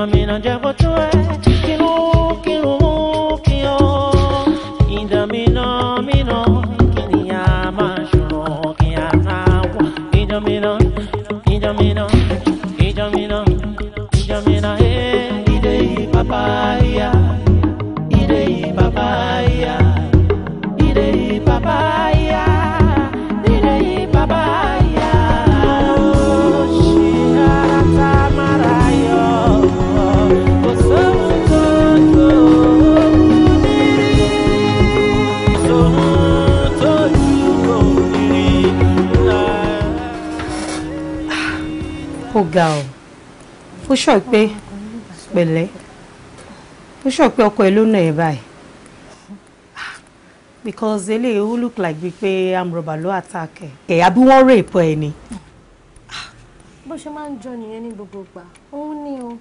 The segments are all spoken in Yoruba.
no me no devo to sọ pé pẹ̀lẹ́ ó sọ pé ọkọ ẹ ló nà ẹ báyìí because eléyìí ó look like bíi pé amrọ̀bà ló attack ẹ̀ ẹ̀ àbí wọ́n rape ẹ ni. bó ṣe máa ń jọ nìyẹn gbogbo ìgbà òun ni o.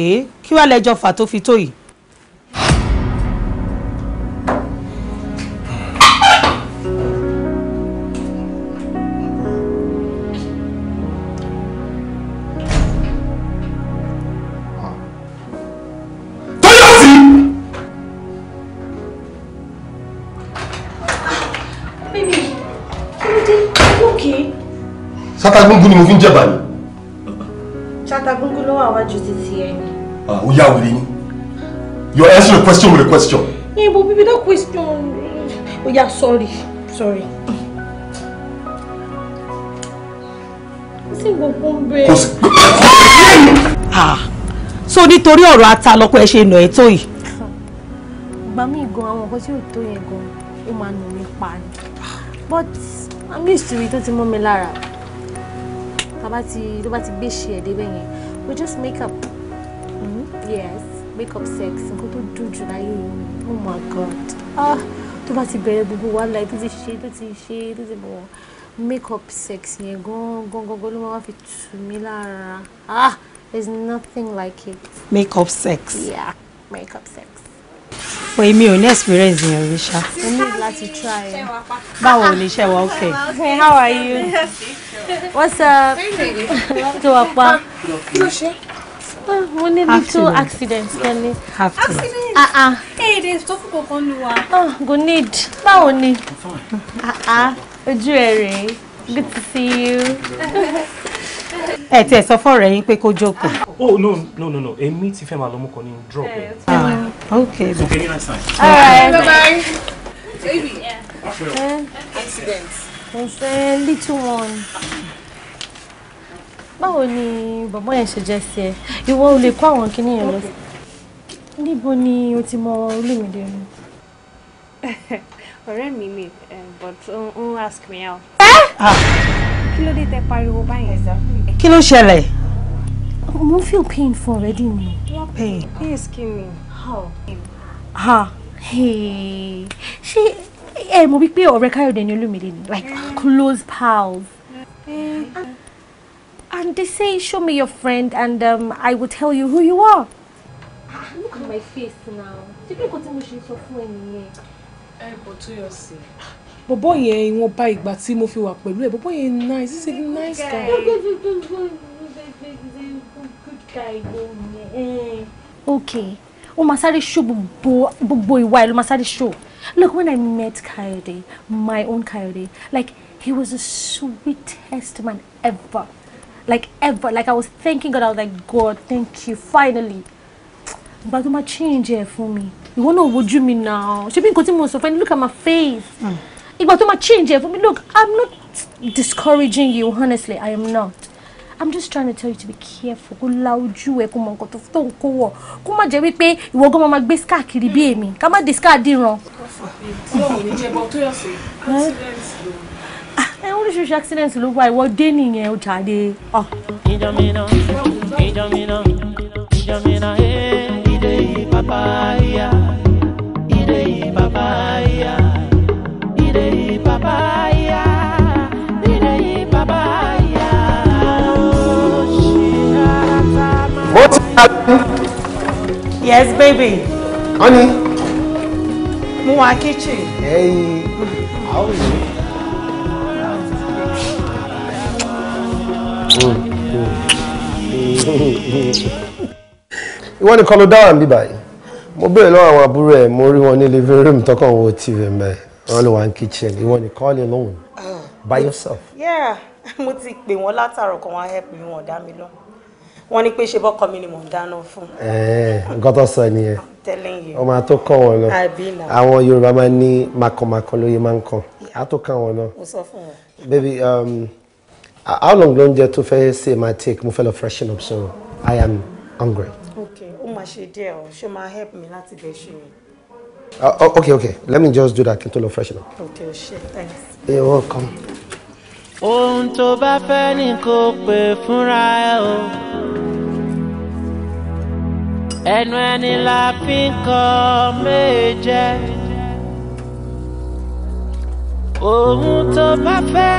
èé kí wàá lẹjọ fà tó fi tó yìí. ṣáta gúngún ni mo fi ń jẹ̀bà ni. ṣáta ló wà wájú títí ẹ ni. ó yà wèrè ni your answer a question with a question. Yeah, but baby, that question. Oh yeah, sorry, sorry. ah so nítorí ọ̀rọ̀ ata lọ́kọ ẹ ṣe nà ẹ́ tó yìí. ìgbà mi gan àwọn nǹkan tí ò tó yẹn gan ó máa nù mí pa ni but i'm used to it tó ti mọ́ mi lára tábà ti ló bá ti gbé ṣe ẹ̀ débẹ̀ yẹn we just make up mm-hmm. yes make up sex nǹkan tó dùn jù láyé yìí oh my god ah tó bá ti bẹ̀rẹ̀ gbogbo wàhálà tó ti ṣe tó ti ṣe tó ti bọ̀ make up sex yẹn gan gan gan ló máa fi tù mí lára ah there is nothing like it. make up sex. yeah make up sex pé mi ò ní experience yẹn rí ṣá. o ní láti try ẹ. báwo ni iṣẹ́ wa okay. hey how are you. what's up. tó wà pa. mo ní little accident kẹ́ni. accident. ah ah. eight days tó fún kankan nu wa. Ah, good need báwo ni. ah ah ojú ẹ rèé. Good to see you. Ẹ tiẹ̀ sọ fún ọ̀rẹ́ yín pé kó jókòó. Oh no no no no, èmi ti fẹ́ máa lọ mú kan ní drop. Eh, ah okay. So can you next time? All right, bye bye. Baby, yeah. Uh, accident. It's a little one. Báwo ni bàbá yẹn ṣe jẹ́ sí ẹ? Ìwọ ò lè kó àwọn kinní yẹn lọ. Níbo ni o ti mọ Olúmídé nu? ọ̀rẹ́ mi mi eh, but n ask me out. Ah. kí ló dé tẹ pariwo báyìí. kí ló ṣẹlẹ̀. mo feel pain for already ni. pain. yes kí ni. how. ha. ṣé ẹ mọ̀ wípé ọ̀rẹ́ káyọ̀dé ni olúmídé ni like mm. close pals. Mm. And, they say show me your friend and um, I will tell you who you are. Ah, look at my face now. ṣé kí n kò tí mo ẹ̀bùn tó yọ sí. bọ̀bọ̀ yẹn ìwọ̀n bá ìgbà tí mo fi wà pẹ̀lú ẹ̀ bọ̀bọ̀ yẹn nice He's a nice guy. okay ó máa sáré ṣó gbogbo ìwà ẹ̀ ló máa sáré ṣó look when I met Kayode my own Kayode like he was the sweetest man ever like ever like I was thanking God I was like God thank you finally gbàdúrà change ẹ̀ fún mi ìwọ náà wojú mi náà ṣebí nǹkan tí mo sọ fún ẹni look at my face hmm. ìgbà tó máa change ẹ fún mi look i'm not discouraging you honestly i am not i'm just trying to tell you to be careful kó la ojú ẹ kó mọ nǹkan tó tó ń kó wọ kó má jẹ́ wípé ìwọ gan máa gbé scar kiri bí èmi ká má dé scar dìran. Hmm. Ah, ẹ oríṣiríṣi accident ló wá ìwọ dé nìyẹn ó jáde. Ah. ìjọmínà ìjọmínà ìjọmínà ẹ eh, ìdè ìpàpáyà. Yes, baby. Honey. Mo wà kitchen. Hey, how is You want to call her down, Bibai? mo béèrè lọ́wọ́ àwọn àbúrò ẹ̀ mo rí wọn ní living room tọkàn wo tv mẹ́ wọn ló wà ní kitchen ìwọ ni call alone ah. by yourself. yeah mo ti pè wọ́n látàrọ̀ kan wọ́n help mi wọ́n dá mi lọ wọ́n ní pé ṣe bọ́kọ mi ni mò ń dáná fún. nǹkan tó sọ nìyẹn ọmọ àtó kọ́ wọn lọ àwọn Yorùbá máa ń ní makọmakọ lóye máa ń kàn àtó kọ́ wọn lọ. mo sọ fún wọn. baby um, how long ló ń jẹ tó fẹ́ ṣe máa take mo fẹ́ lọ freshen up so I am hungry máa ṣe díẹ̀ o ṣé máa help mi láti bẹ̀ ṣe mi. Ah, okay okay let me just do that kí n tó lọ freshen up. okay ṣe thanks. you're welcome. ohun tó bá fẹ́ ni kò pè fúnra ẹ o ẹnu ẹni la fi ń kọ méje ohun tó bá fẹ́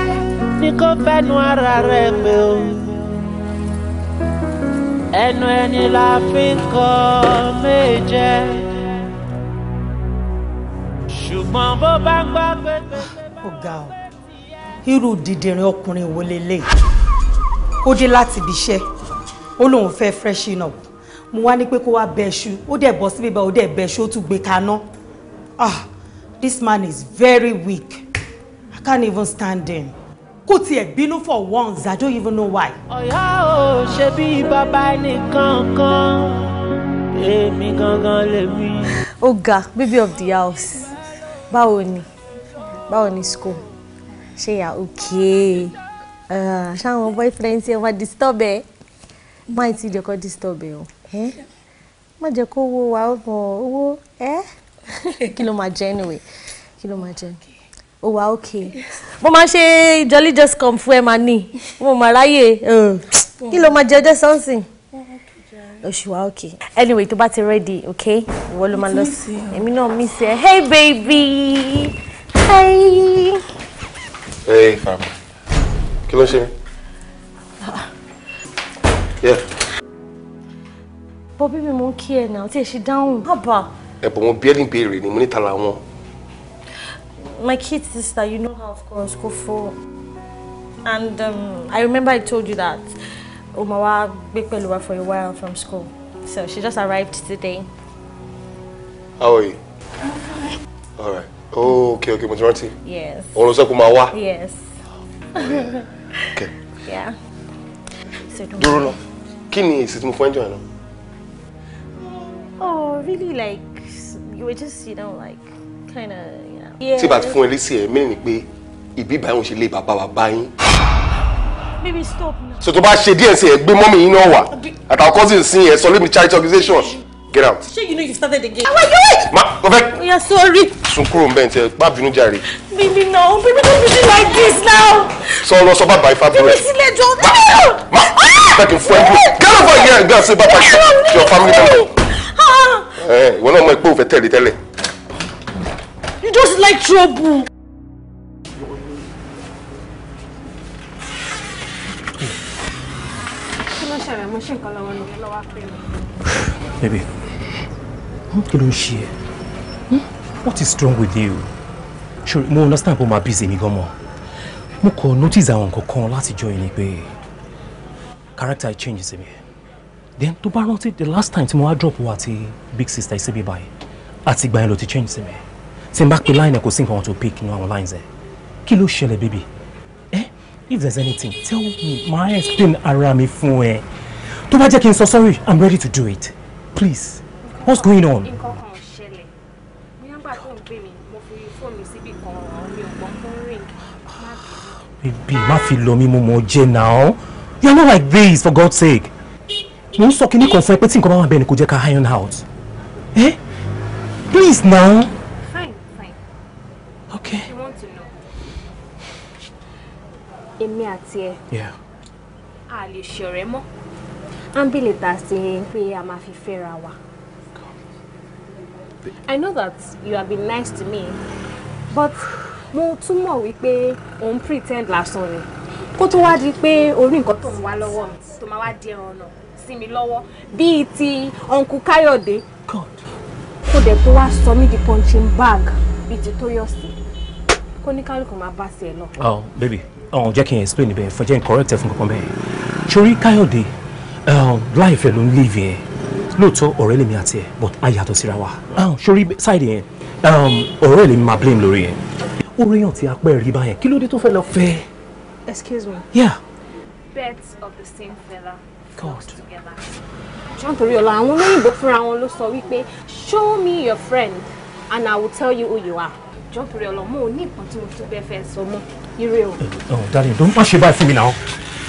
ni kò fẹ́nu ara rẹ pé o ẹnu ẹni la fi ń kọ méje ṣùgbọ́n bó bá ń gbọ́ pé. ó ga ọ irú dídìrín ọkùnrin wo leléyìí ó dé láti ibi ó lóun fẹ́ freshen up mo wá ní pé kó wá bẹ́ṣu ó dẹ̀ bọ́ síbí bá ó dẹ̀ bẹ́ṣu ó tún gbé kaná ah this man is very weak i can't even stand him kò tiẹ̀ bínú for once I don't even know why. ọ̀yá o ṣe bí bàbá ẹnìkan kan èmi gangan lèmi. ó ga baby of the house báwo ni báwo ni school ṣe yà okay ṣáwọn boyfriend ṣe wá disturb ẹ má ti jẹ́ kó disturb ẹ o má jẹ́ kó wo wa ọmọ owó ẹ kí ló máa jẹ anyway kí ló máa jẹ. Okay ó wà okay mo máa ṣe jolly just come fún ẹ máa ní mo máa ráyè eh, kí ló máa jẹ ọjọ́ something oṣù wa okay anyway tó bá ti ready okay ìwọ ló máa lọ sí èmi náà mi sẹ hey baby hey. hey fam kí ló ṣe mí. bọ́bí mi mò ń kí ẹ náà tí ẹ ṣe dáhùn. ẹ̀bùn mo bí ẹ́ ní ìbéèrè ni mo níta làwọn my kid sister, you know her, of course, for, And um, I remember I told you that Umawa Bekpeluwa for a while from school. So she just arrived today. How are you? All Alright. Oh, okay, okay, majority. Yes. Olose Kumawa? Yes. okay. Yeah. So don't Dúró lọ. Kí ni èsì Oh, really like you were just, you know, like kind of tí bá ti fún ẹ lésì ẹ mẹ́rin ni pé ìbí báyìí wọn ṣe lé bàbá wa báyìí. baby stop now. so tó bá ṣe díẹ̀ sí ẹ gbé mọ́mì yín náà wá àtàwọn cousins sí ẹ sọ lébi charity organization get out. ṣé you know you started again. àwọn yóò wait. ma o fẹ́. we are sorry. sun kúrò nbẹ ntẹ má bínú jàre. baby no baby don't be like this now. sọ lọ sọ bàbá ifá bẹ̀rẹ̀. bíbí sílẹ̀ jọ ma ma fẹ́ ah! kí n fún ẹ dúró get over here and go and say your family member. Ah! Eh, ìwọ náà mọ ẹ pé o fẹ́ tẹ̀lé tẹ́lẹ̀. You just like trouble. Baby, kí ló ń ṣe What is wrong with you? Sure, mo understand pé o máa busy mi gan mọ́? notice àwọn nǹkan kan látijọ́ yìí ni character changes mi. Then to bá rántí the last time tí mo wá drop wa big sister ìsebí báyìí àti ìgbà yẹn ti change mi tí n bá pe line ẹ kò sí nǹkan tó pick nínú àwọn lines ẹ kí ló ṣẹlẹ̀ baby ẹ eh? if there's anything tell me ma explain ara mi fún ẹ tó bá jẹ́ kí n sọ sorry i'm ready to do it please what's going on. nǹkan kan ṣẹlẹ̀ nígbà tó ń pè mí mo fi fóònù síbi kan ọ̀rọ̀ mi ò gbọ́n fún ring baby má fi lọ mí mo mọ̀ jẹ́ now you are not like this for God's sake mo ń sọ kí ní kan fún ẹ pé tí nǹkan bá wà bẹ́ẹ̀ ni kò jẹ́ ká iron out eh? please now. èmi àti ẹ a lè ṣe ọ̀rẹ́ mọ́ áńbìlì ta sí pé a máa fi fẹ́ra wa. I know that you have been nice to me but mo tún mọ̀ wípé òun pretend lásán ni kó tó wá di pé orí nǹkan tó ń wá lọ́wọ́ mi tó máa wá di ẹran náà sí mi lọ́wọ́ bíi ti ọ̀nkú káyọ̀dé kó dẹ̀ tó wá sọ mí di punching bag bíi ti tóyọ̀sí kó ní kálukú máa bá sí ẹ lọ. oh baby ọ̀hún jẹ́ kí n explain ibẹ̀ fún jẹ́ n correct ẹ̀ fún kankan bẹ́ẹ̀ sori káyọ̀dé um, láìfẹ́ ló ń leave yẹn lóòótọ́ ọ̀rẹ́ lèmi àti ẹ̀ but a yàtọ̀ síra wa um, sori side yẹn um, ọ̀rẹ́ lèmi máa blame lórí yẹn ó réyàn tí apẹ́ rí báyẹn kí ló dé tó fẹ́ lọ fẹ́. excuse me. yeah. birds of the same feather. God. together. John Toriola, àwọn olóyìnbó fúnra wọn ló sọ wípé show me your friend and I will tell you who you are jọ́ torí ọlọ́mọ ò ní nǹkan tí mo tún bẹ́ẹ̀ fẹ́ sọ mọ́ ire o. oh darling don't má ṣe báyìí fún mi náà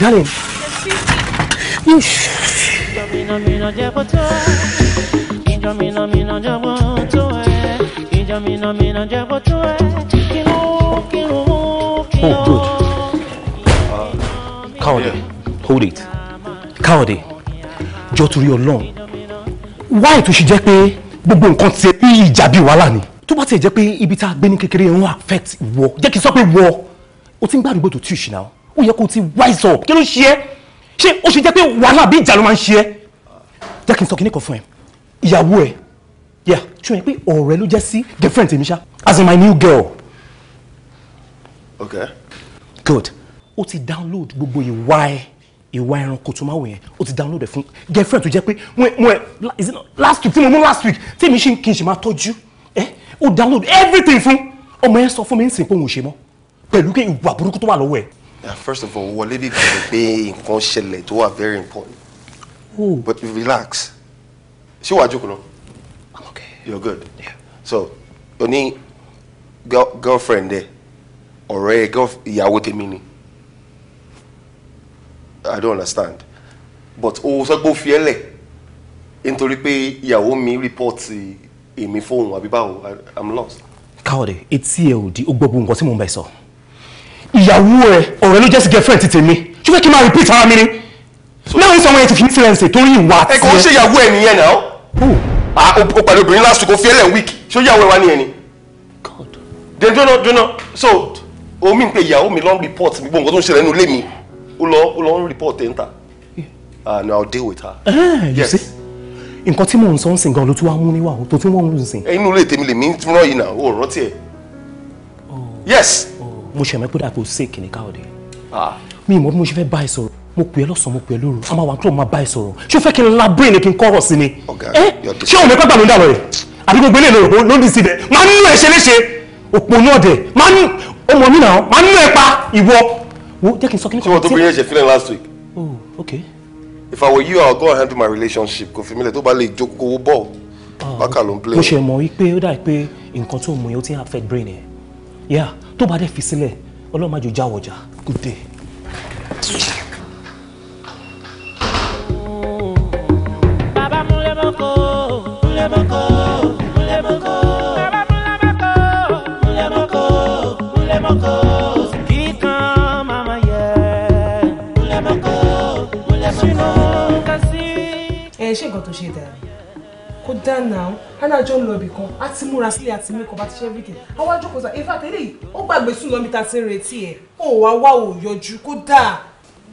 darling. oh good uh, Kaode hold it Kaode jọ́ torí ọlọ́run wáyé tó ṣe jẹ́ pé gbogbo nǹkan ti rí ìjà bíi wàhálà ni tó bá tiẹ̀ jẹ́ pé ibi tá a gbé ní kékeré yẹn ń affect wọ jẹ́ kí n sọ pé wọ o ti ń gbá àdúgbò tó tù ìṣìnà ó yẹ kó o ti wise up kí ló ṣe é ṣé o ṣe jẹ́ pé wàhálà àbí ìjà ló máa ń ṣe é jẹ́ kí n sọ kíní kan fún ẹ ìyàwó ẹ yà ṣó yẹ pé ọ̀rẹ́ ló jẹ́ sí girlfriend tèmi ṣá as in my new girl. okay. good o ti download gbogbo ìwà ẹ ìwà ẹranko tó máa wò yẹn o ti download ẹ fún girlfriend tó jẹ́ pé mo ẹ last week tí mo mú last week tí èmi ṣe kí n ṣe máa tọ́jú ó download everything fún ọmọ yẹn sọ fún mi ń sìn pé òun ò ṣe mọ́ pẹ̀lú pé ìwà burúkú tó wà lọ́wọ́ ẹ̀. first of all wọlé bí bẹ̀rẹ̀ pé nǹkan ṣẹlẹ̀ tó wà very important Ooh. but relax ṣé wàá jókòó náà. i'm okay. you're good. Yeah. so o ní girl girlfriend ẹ ọ̀rẹ́ ìyàwó tèmi ni i don't understand but o sọ pé o fi ẹ lẹ̀ nítorí pé ìyàwó mi report èmi fóun àbí báwo i'm lost. káwọ̀dé etí ẹ ò di ó gbogbo nǹkan tí mò ń bẹ̀ sọ ìyàwó ẹ ọ̀rẹ́ ló jẹ́ sí girlfriend ti tèmi ṣé fẹ́ kí n máa repeat ara mi ni náà ń sọ wọn yẹn ti fi incident torí ìwà àti ẹ. ẹ kò ń ṣe ìyàwó ẹ nìyẹn náà ó ah, pàdé obìnrin last week ó fi ẹlẹ́ week ṣé ó yàwó ẹ wá nìyẹn ni. then dúnà dúnà so omi ń pe ìyàwó mi lọ ń report mi gbogbo nǹkan tó ń ṣẹlẹ̀ nínú ilé mi ó lọ ń report ẹ̀ ń ta and i'll deal with her. Uh, yes. you see? nǹkan tí mò ń sọ ń sìn gan ló tún wá mú níwà tó tún wọ́n ń lù sìn. inú ilé tèmi lè mí rán yìí náà o ò rántí ẹ. Oh. yes. Oh. mo ṣe mẹ́pẹ́ dàpọ̀ sèkì ní káwọ́dé. Ah. mi ì mọ bí mo ṣe fẹ́ bá ẹ sọ̀rọ̀ mo pè é lọ́sàn-án mo pè é lóru a máa wà máa bá ẹ sọ̀rọ̀ ṣé o fẹ́ kí n la brain kí n kọ́rọ̀ sí ni. ṣé o mẹ́pẹ́ gbàgbọ́n dàbọ̀ rẹ̀ àbí gbogbo eléyìí ló ló ní síbẹ̀ máa ń nú ẹ ṣe léṣe òpó náà pa ìwọ. wo jẹ́ kí n sọ kí n kọ́ ọ́ tí last week. oh okay if I were you I would go and handle my relationship kò fi mílẹ̀ tó bá lè jókòó owó bọ́ọ̀ ah, bákà ló ń play. mo ṣe mọ̀ wípé ó dà pé nǹkan tó mú yẹn ó ti ń affect brain yẹn yeah tó bá dẹ̀ fi sílẹ̀ ọlọ́run má jò jáwọ́ jà good day. ẹ ṣé nǹkan tó ṣe dára kó dáná o anájọ ń lọ ibì kan á ti múra sílé àti mẹ́kọ̀ bá ti ṣe everything àwọn ajókòó sa ifá tẹ́lẹ̀ yìí ó gbàgbé sùn lọ́mí ta ti retí ẹ̀ ó wá wá ò yọjú kó dáa.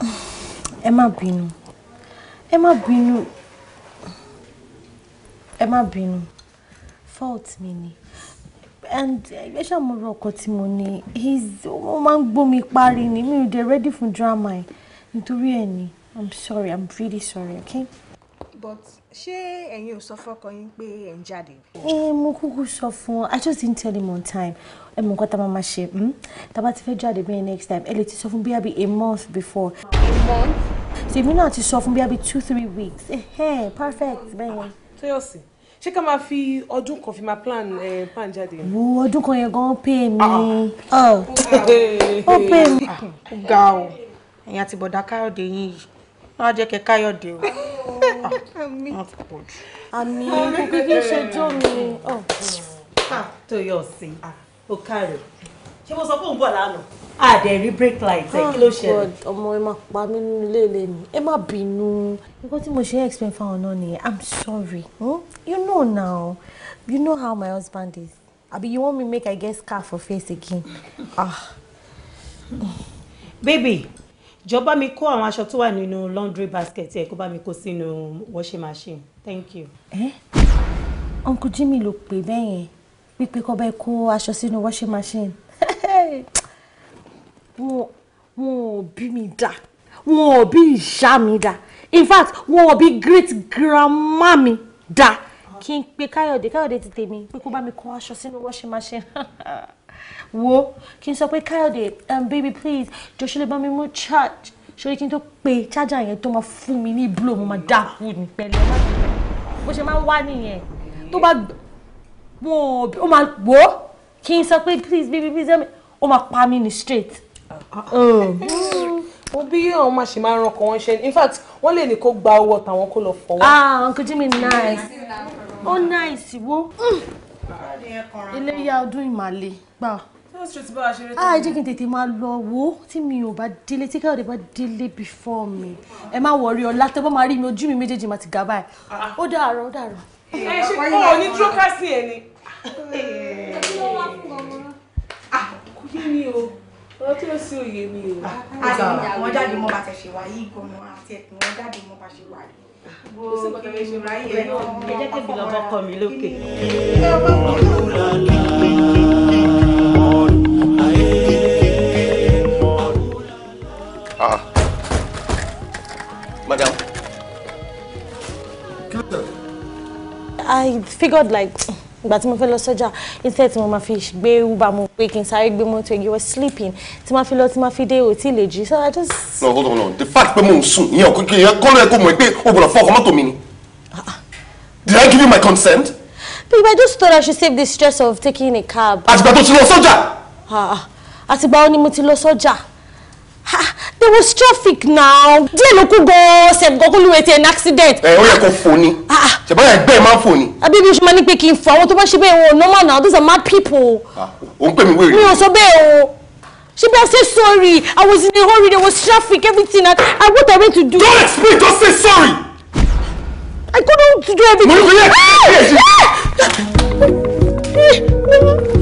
ẹ má bínú ẹ má bínú ẹ má bínú fault mi ni and ẹ ṣàmúrò ọkọ tí mo ní ó máa ń gbómi parí ni mi ò dé ready for drama ẹ nítorí ẹ ní i'm sorry i'm really sorry okay but ṣé ẹ̀yin ò sọ fọ́kọ yín pé ẹ̀ ń jáde. ẹ mo kúkú sọ fún i just didn't tell him on time ẹ mọ nǹkan tá a máa ṣe hmm? tá a bá ti fẹ́ jáde bẹ́ẹ̀ next time ẹ lè ti sọ fún bíyà bí a month before. a month. so èmi náà ti sọ fún bíyà bí two three weeks perfect bẹ́ẹ̀ yẹn. tóyọ̀sí ṣé ká máa fi ọdún kan fi máa plan plan jáde. wo ọdún kan yẹn gan pè mí ó pè mí. ó ga ọ ẹ̀yin àti bọ̀dá káyọ̀dé yín yìí wọ́n á jẹ́ kẹ́ káyọ̀dé o àmì kò kí ṣe jọ mi. Oh. Tóyọ̀sí ah, o káre ṣé mo sọ pé òun bọ̀ lánàá àdẹ̀ rí break light ẹ̀ ah, kí ló ṣẹlẹ̀. ọmọ ẹ máa pa mí nínú ilé ilé mi ẹ má bínú. nǹkan tí mo ṣe explain fáwọn náà nìyẹn i'm sorry hmm? you know now you know how my husband is abi you want me make i get scar for face again. ah. baby jọ bá mi kó àwọn aṣọ tó wà nínú laundry basket ẹ kó bá mi kó sínú washing machine thank you. ẹ uncle Jimmy ló pè bẹ́ẹ̀ yẹn wípé kó bẹ́ẹ̀ kó aṣọ sínú washing machine wọn ò bí mi dá wọn ò bí ìyá mi dá in fact wọn ò bí great grandma mi dá kí n pe káyọ̀dé káyọ̀dé ti tèmi pé kó bá mi kó aṣọ sínú washing machine. wo kí n sọ pé káyọ̀dé um, baby please jọ ṣe lè bá mi mú charge ṣorí kí n tó pe charger yẹn tó máa fún mi ní blow mo máa dákú ní pẹ̀lẹ́ bó ṣe máa ń wá nìyẹn tó bá wọn ò máa wò ó kí n sọ pé please baby please ó máa pa mí ní straight mo bí àwọn máa ṣe máa ran ọkọ wọn ṣe in fact wọn lè ní kó gba owó tàwọn kó lọ fọwọ́. ah uncle jimmy nice ó nice wo iléyà ọdún ìmàle gbà a ah, jẹ́ kí n tètè máa lọ wo tí mi ò bá délé tí káyọ̀dé bá délé before mi ẹ má wọrí ọlá tẹ́ bá máa rí mi ojú mi méjèèjì máa ti gà báyìí ó dàárọ̀ ó dàárọ̀. ẹ ṣe kọ́ ọ ní trókásì ẹ ni. Ah, kò yé mi o ọ̀rọ̀ tí ó sí òye mi o. Ah, àwọn jáde mọ́ bá ti ṣe wáyé gan-an àti ẹ̀kún wọn jáde mọ́ bá ṣe wáyé. ẹ jẹ́ kébìlì ọkọ mi lókè. Ah. Madam. I figured like ìgbà tí mo fẹ́ lọ sọ́jà instead tí mo máa fi gbé uber mo pé kí n sáré gbé mọ́tò you were sleeping tí máa fi lọ tí máa fi dé òtí lè jí so I just. no hold on no the fact pé mo ń sùn ìyẹn òkè kí ìyẹn kọ́ ló yẹ kó mọ̀ pé o gbọ́dọ̀ fọ́ ọkọ mọ́tò mi ni. Ah, ah. did I give you my consent. babe I just thought I should save the stress of taking a cab. àtìgbà tó ti lọ sọ́jà. Ah, àtìgbà ó ní mo ti lọ sọ́jà there was traffic now díẹ̀ ló kú gan-an ṣẹ̀gbọ́n kó lùwẹ̀ tí ẹ̀ an accident. ẹ ó yẹ kó fò ni ṣẹ̀bọ́n ẹgbẹ́ ẹ máa ń fò ni. àbí ibi ìṣúná ni pé kí n fọ àwọn tó bá ṣe bẹ́ẹ̀ wọn normal now Those are mad people. ò ń pè mí wèrè. mi ò sọ bẹ́ẹ̀ o she be say sorry i was in a hurry there was traffic everything and i what i went to do. don't explain just say sorry. i couldn't do everything. mo ní kò yẹ kí ẹ ṣe.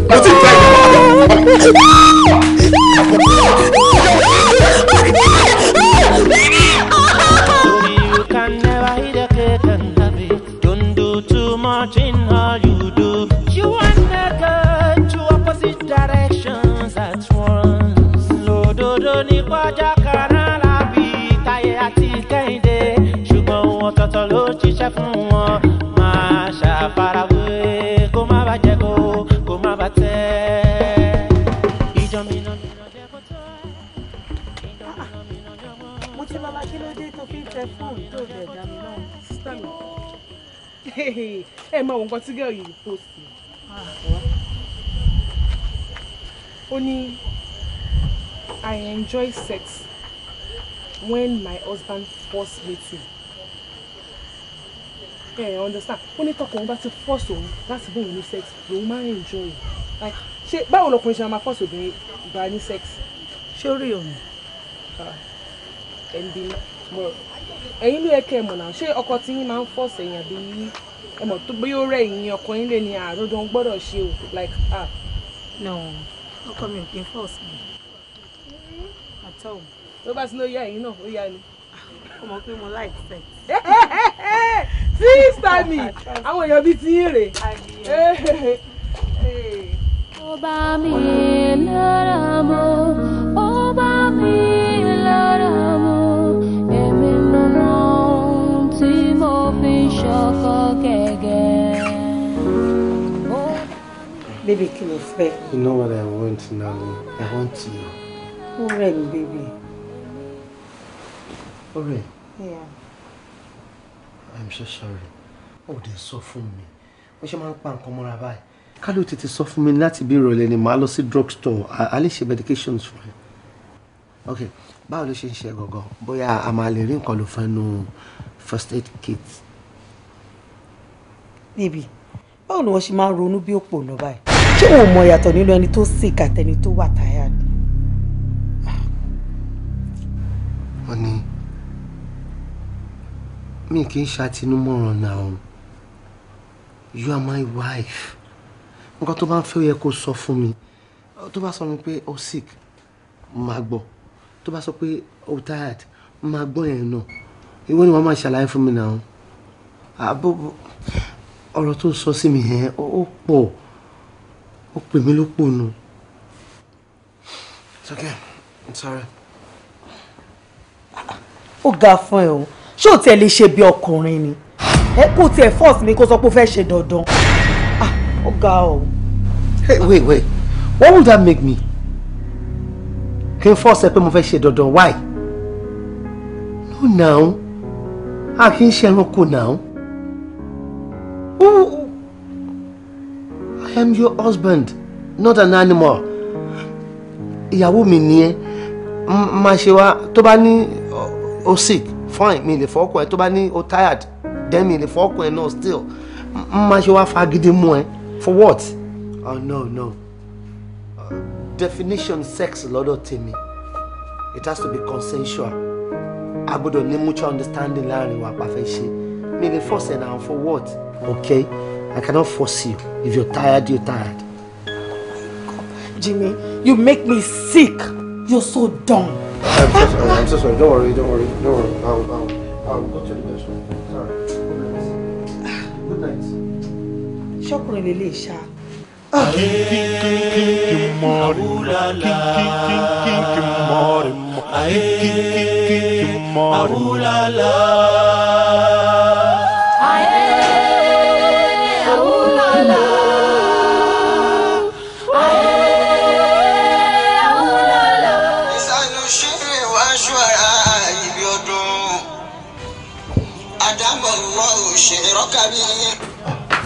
mo ti tẹ ẹ. ¡Ay, ẹ mọ àwọn nǹkan tí gẹ́ọ̀ yìí tó sí ó ní I enjoy sex when my husband force me to ẹ ẹ understand ó ní tọkọ òun bá ti force òun láti bóun ní sex lòun máa ń enjoy like ṣé báwo lọkùnrin ṣe máa force obìnrin gbà ní sex. ṣé ó rí ọ̀nà. Ah, ẹ̀ ń bínú ẹ̀yin ló yẹ kẹ́ ẹ mọ̀ náà ṣé ọkọ tí yín máa ń force ẹ̀yìn àbí ọmọ tó bóyá ó rẹ ìyìn ọkọ yín lè ní àárọ̀ tó ń gbọ́dọ̀ ṣe o like ah. no ọkọ mi ò kí n force mi àtọ o. tó bá ti ní ó yá ẹ̀yin náà ó yá ni. ọmọ pé mo like sex. sísá mi àwọn èèyàn bíi ti ń rè. ó bá mi lára mu ó bá mi lára mu. Baby, can you fẹ́? You know what I want now? Eh? I want you. Ó baby. Ó Yeah. I'm so sorry. Oh, they sọ me. mi. Mo man máa ń pa nǹkan mọ́ra báyìí. Kálí ó tètè sọ fún mi láti bí ìrọ̀lẹ́ ni màá lọ sí drugstore. A lè ṣe medications for him. Okay, báwo ló ṣe ń ṣe gangan? Bóyá a máa lè rí nǹkan lò fẹ́ nu first aid kit níbi báwo ni wọ́n ṣe máa ń ronú bí òpònà báyìí ṣé wọn mọ ìyàtọ̀ nínú ẹni tó sick àtẹni tó wà tired. wọ́n ní mi kì í ṣàtinúmọ̀ràn náà you are my wife nǹkan tó bá ń fẹ́ yẹ kó sọ fún mi tó bá sọ mi pé o sick máa gbọ́ tó bá sọ pé o tired máa gbọ́ yẹn náà ìwọ ni wọ́n máa ṣàlàyé fún mi náà àbúrò ọ̀rọ̀ tó sọ sí mi yẹn ó pọ̀ ó pè mí ló pò nù. It's okay. ó ga fún ẹ o ṣé o tiẹ̀ lè ṣe bí ọkùnrin ni ẹ kò tiẹ̀ force mi kó sọ pé ó fẹ́ ṣe dandan ah, ó ga o. hey wait wait what would that make me kí n force ẹ pé mo fẹ́ ṣe dandan why no now a kì í ṣe ẹranko now. Who? I am your husband, not an animal. Ìyàwó mi ni ẹ́. Máa ṣe wá tó bá ní o sick fine mi lè fọ́kùn ẹ tó bá ní o tired then mi lè fọ́kùn ẹ náà still. Máa ṣe wá fagídí mú ẹ for what? Oh no no. Uh, definition sex lọ́dọ̀ tèmi it has to be consensual. A gbọ́dọ̀ ní mutual understanding láàrin wa pàfẹ́ ṣe. Mi lè force náà for what? okay? I cannot force you. If you're tired, you're tired. Jimmy, you make me sick. You're so dumb. I'm so sorry. I'm so sorry. Don't worry. Don't worry. Don't worry. I'll, I'll, I'll go to the next Sorry. Good night. Good night. Shop really, Sha. Ahulala, ahulala.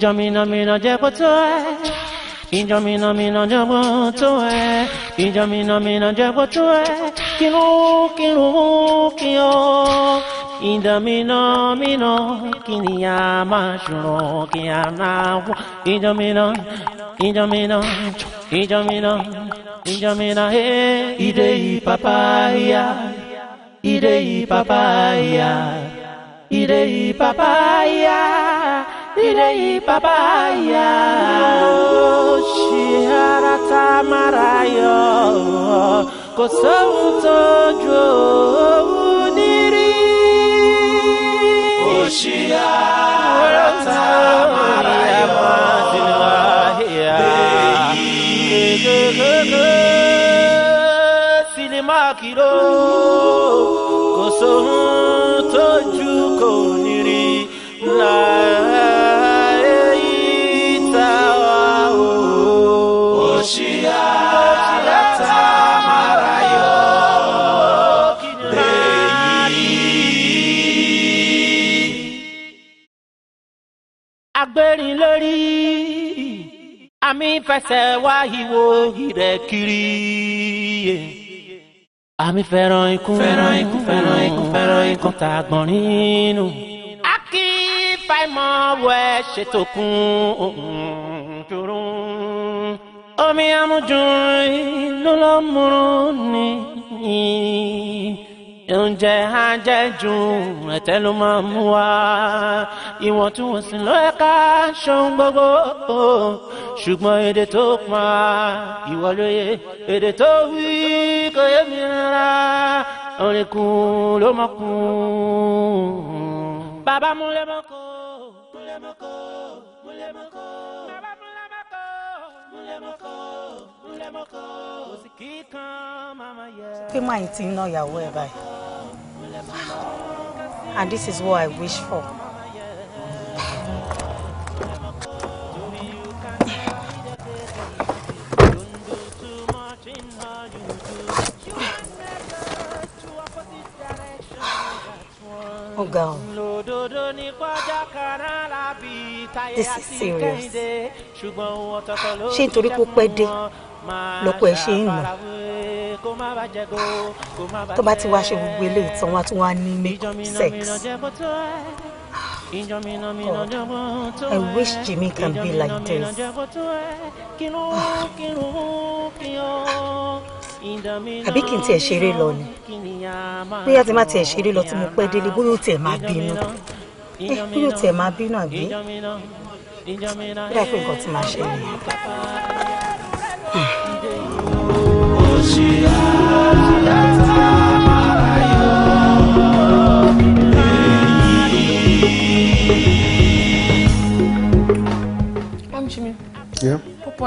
Kijamina mina jebotoe. Kijamina mina jebotoe. Kijamina mina jebotoe. Kilo kilo kilo. Idamina mina mina kiniya mashuro kiyana. Idamina idamina idamina idamina he. Idei papaya. Idei papaya. Idei papaya. Idei papaya Shihara tamarayo Kosoutojo niri Shihara tamarayo agbérin lórí àmì fẹsẹ̀ wá ìwo ìrẹ̀ kiri. àmì fẹ́ràn ikú fẹ́ràn ikú fẹ́ràn ikú fẹ́ràn ikú tá a gbọ̀n nínú. a kì í fàìmọ̀ wẹ̀ ṣètò kún òun dùrún. omi amújú ló lọ́ múrun ní ǹjẹ́ àjẹjù ẹ̀tẹ́ ló máa ń mú wa ìwọ̀ntúnwọ̀nsì ló yẹ ká ṣohun gbogbo ṣùgbọ́n èdè tó pa ìwọ ló yẹ èdè tó wí kò yé mi rárá òrìkùn ló mọ̀ kùn. bàbá múlẹ̀ mọ́kọ́ múlẹ̀ mọ́kọ́ múlẹ̀ mọ́kọ́ bàbá múlẹ̀ mọ́kọ́ múlẹ̀ mọ́kọ́ múlẹ̀ mọ́kọ́ òsì kíkan máma yẹ. máa ń ti ń ná ìyàwó báyìí and this is what I wish for. Ọ̀gá o. Oh, this is serious. Ṣé nítorí kó lọ́kọ ẹ̀ ṣe ń nà tó bá ti wá ṣe gbogbo eléyìí tán wá tún wá ní makeup sex. God, I wish Jimmy can be like this. àbí kí n tiẹ̀ ṣeré lọ ni bóyá tí má tiẹ̀ ṣeré lọ tí mo pẹ́ délé bóyá ó tiẹ̀ máa bínú eh, bóyá ó tiẹ̀ máa bínú àbí bóyá pé nǹkan tí màá ṣe nìyẹn pọ̀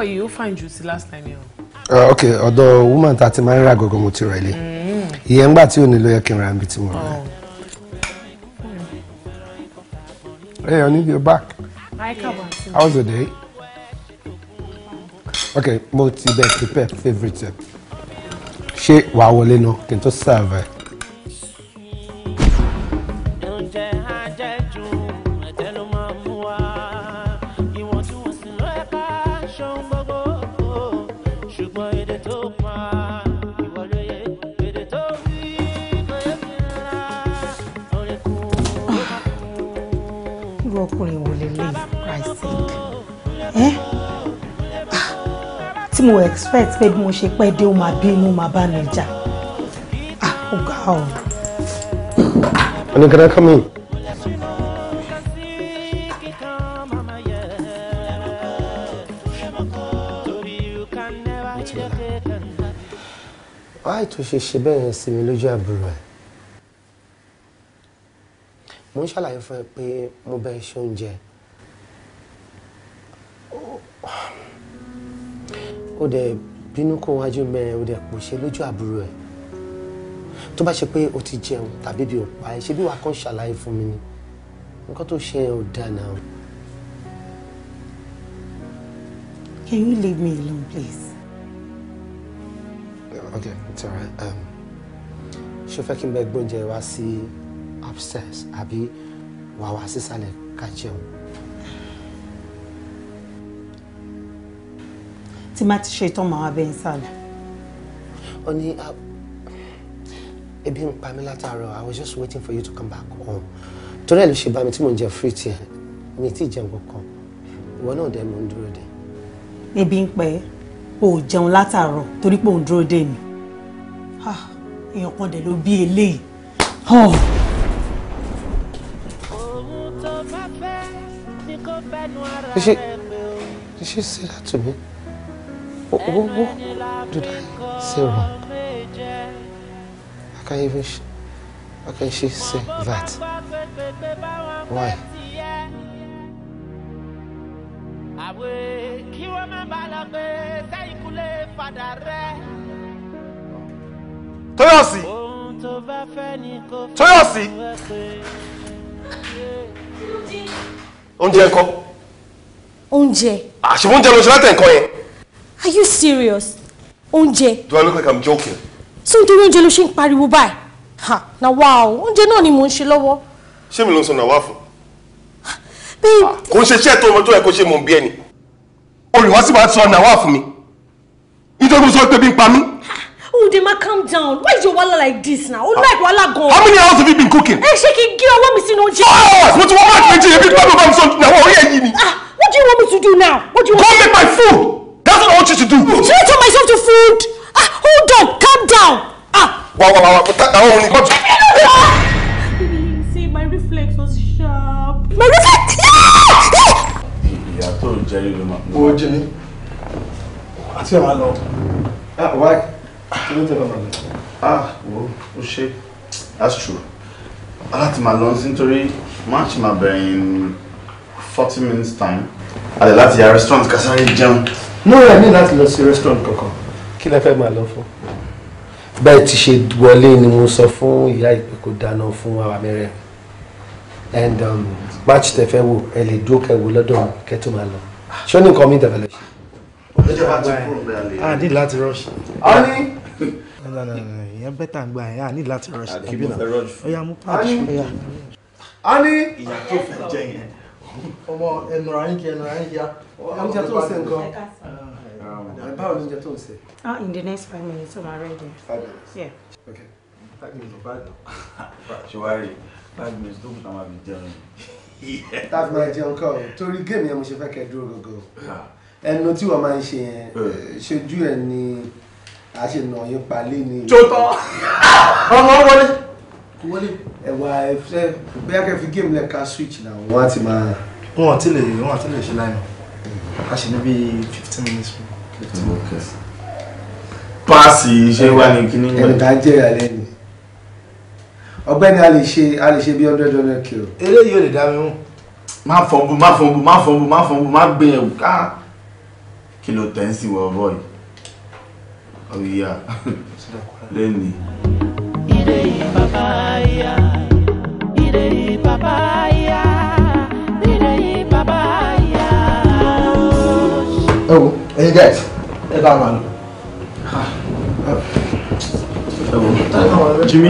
yìí ó fàn jù sí last time yẹn. Uh, okay. Although woman that ti máa ń ra gọ́gọ́ mo ti rà ilé ìyẹn ńgbà tí ò ní ló yẹ kí n ra ibi tí mo rà. Oh. Hey, I need your back. Hi, Kaba. How was the day? ok mo ti bẹ prepare favourite ẹ ṣé wàá wọlé náà kí n tó serve ẹ. tí mo expect pé bí mo ṣe pẹ́ dé ó máa bínú máa bá mi jà ah ó ga ọ. oníkàdá kọ́ tó ṣe ṣe bẹ́ẹ̀ sí mi lójú àbúrò ẹ̀ mo ń ṣàlàyé fún ẹ pé mo bẹ́ẹ̀ ṣe oúnjẹ ó dẹ̀ bínú kó wájú mẹ́rin ó dẹ̀ pò ṣe lójú àbúrò ẹ̀ tó bá ṣe pé o ti jẹun tàbí bí o pa ẹ ṣe bí wàá kàn ṣàlàyé fún mi ni nǹkan tó ṣe yẹn ò dáa Can you leave me alone, please? Okay, it's all right. Um, ṣe fẹ́ kí n bẹ gbóúnjẹ wá sí upstairs àbí wàá wá sísàlẹ̀ ká jẹun. tí má ti ṣe tán màá bẹ ń sálọ. ó ní ah, ebi ń pa mí látàárọ̀ I was just waiting for you to come back home torí ẹ̀ ló ṣe bá mi tí mò ń jẹ free tiẹ̀ mi ti jẹun kankan ìwọ náà dẹ̀ mò ń dúró dé. ebi ń pẹ́ o ò jẹun látàárọ̀ torí pé ò ń dúró dé mi ah, èèyàn kan dẹ̀ ló bí eléyìí. Did she, did she say that to me? what, what did I say wrong? How can I even, how can she say that? Why? Toyosi, Toyosi, wọ́n má bàa lọ pé sẹ́yìn kúlẹ̀ padà rẹ̀. tóyọ̀sì tóyọ̀sì oúnjẹ ńkọ́. oúnjẹ. àṣìwọ́n ah, oúnjẹ lọ sí látẹ̀ nǹkan yẹn are you serious? oúnjẹ. do I look like I'm joking? tí nítorí oúnjẹ ló ṣe ń pariwo báyìí ha na wá o oúnjẹ náà ni mò ń ṣe lọ́wọ́. ṣé mi ló ń sọ nàwa fún. Ah, kò ń ṣe iṣẹ́ tó ọmọ tó yẹ kó ṣe mọ̀ bí ẹni olùwàsí máa sọ nàwa fún mi nítorí mo sọ pé bí n pa mí. Ude ah, oh, ma calm down. Why is your wahala like this now? Oh, like wahala gone. How many hours have you been cooking? Hey, shake it. Give me missing on Four hours. What do you want me to do? If you don't know what I'm saying Ah, what do you want me to do now? What do you want? Go make my food don't know what you to do. Should I turn myself to food? Ah, hold on, calm down. Ah. Wow, wow, wow. That only. What? See, my reflex was sharp. My reflex. Yeah. Yeah, I told Jerry to map. Oh, Jerry. Àti àwọn lọ. Ah, why? Kí ló tẹ̀ bàbá mi? Ah, wo, ó ṣe. That's true. I máa my sí nítorí match máa bẹ̀rẹ̀ in forty minutes time. A lè láti ya restaurant kásáré jumped no I mean láti lọ restaurant kankan. Kill a fẹ́ máa lọ fún. bẹ́ẹ̀ ti ṣe wọlé ni mo sọ fun ìyá ìpè kó dáná and um, batch the fẹ́ wò ẹ lè dúró kẹwò lọ́dọ̀ kẹ tó máa lọ ṣé ó ní nǹkan mi dàbẹ̀ lẹ ṣe. ọjọ́ bá ti kúrò bẹ́ẹ̀ lè. a ní rush. a ní. ìyẹn bẹ́tà ń gba ẹ̀ a ní láti rush. àdìgbò fẹ́ rush. ọ̀ya mú patch. a ní ọmọ ẹnura yín kí ẹnura yín yá oúnjẹ tó ń ṣe nǹkan báwo ni oúnjẹ tó ń ṣe. ah in the next five minutes i'm already. five yeah. okay five minutes of bad now. ṣùwárí five minutes tó kùtà máa fi jẹun. láti máa jẹun kọ́ torí géèmù yẹn mo ṣe fẹ́ kẹ́ dúró gógó ah. ẹnu tí wọ́n máa ń ṣe yẹn eh. ṣojú ẹ̀ ni a ṣe nà yín palẹ́ ni. tó tán ọmọ wọlé kò wọlé. ẹwà ẹfẹ bẹ́ẹ̀ kẹ́ fi géèmù lẹ́ka switch náà wọ́n á ti máa. wọn àti lè wọn àti lè ṣe láyọ hmm. a ṣe níbi fifteen minutes. paasi ṣe wà ní kíní. ẹnì kan jẹ́ ìyàlẹ́ ni ọ̀gbẹ́ni a lè ṣe a lè ṣe bí hundred hundred kilo. eléyìí ò lè dá mi mú. má fọ̀nbù má fọ̀nbù má fọ̀nbù má fọ̀nbù má gbé ẹ̀wù ká kìlọ̀ tẹ̀ ń sì wọ̀ ọ́ bọ́ọ̀lù ọ̀yà lẹ́nìí ẹ wo ẹ̀yin guys ẹ bá wa lọ. Jimmy.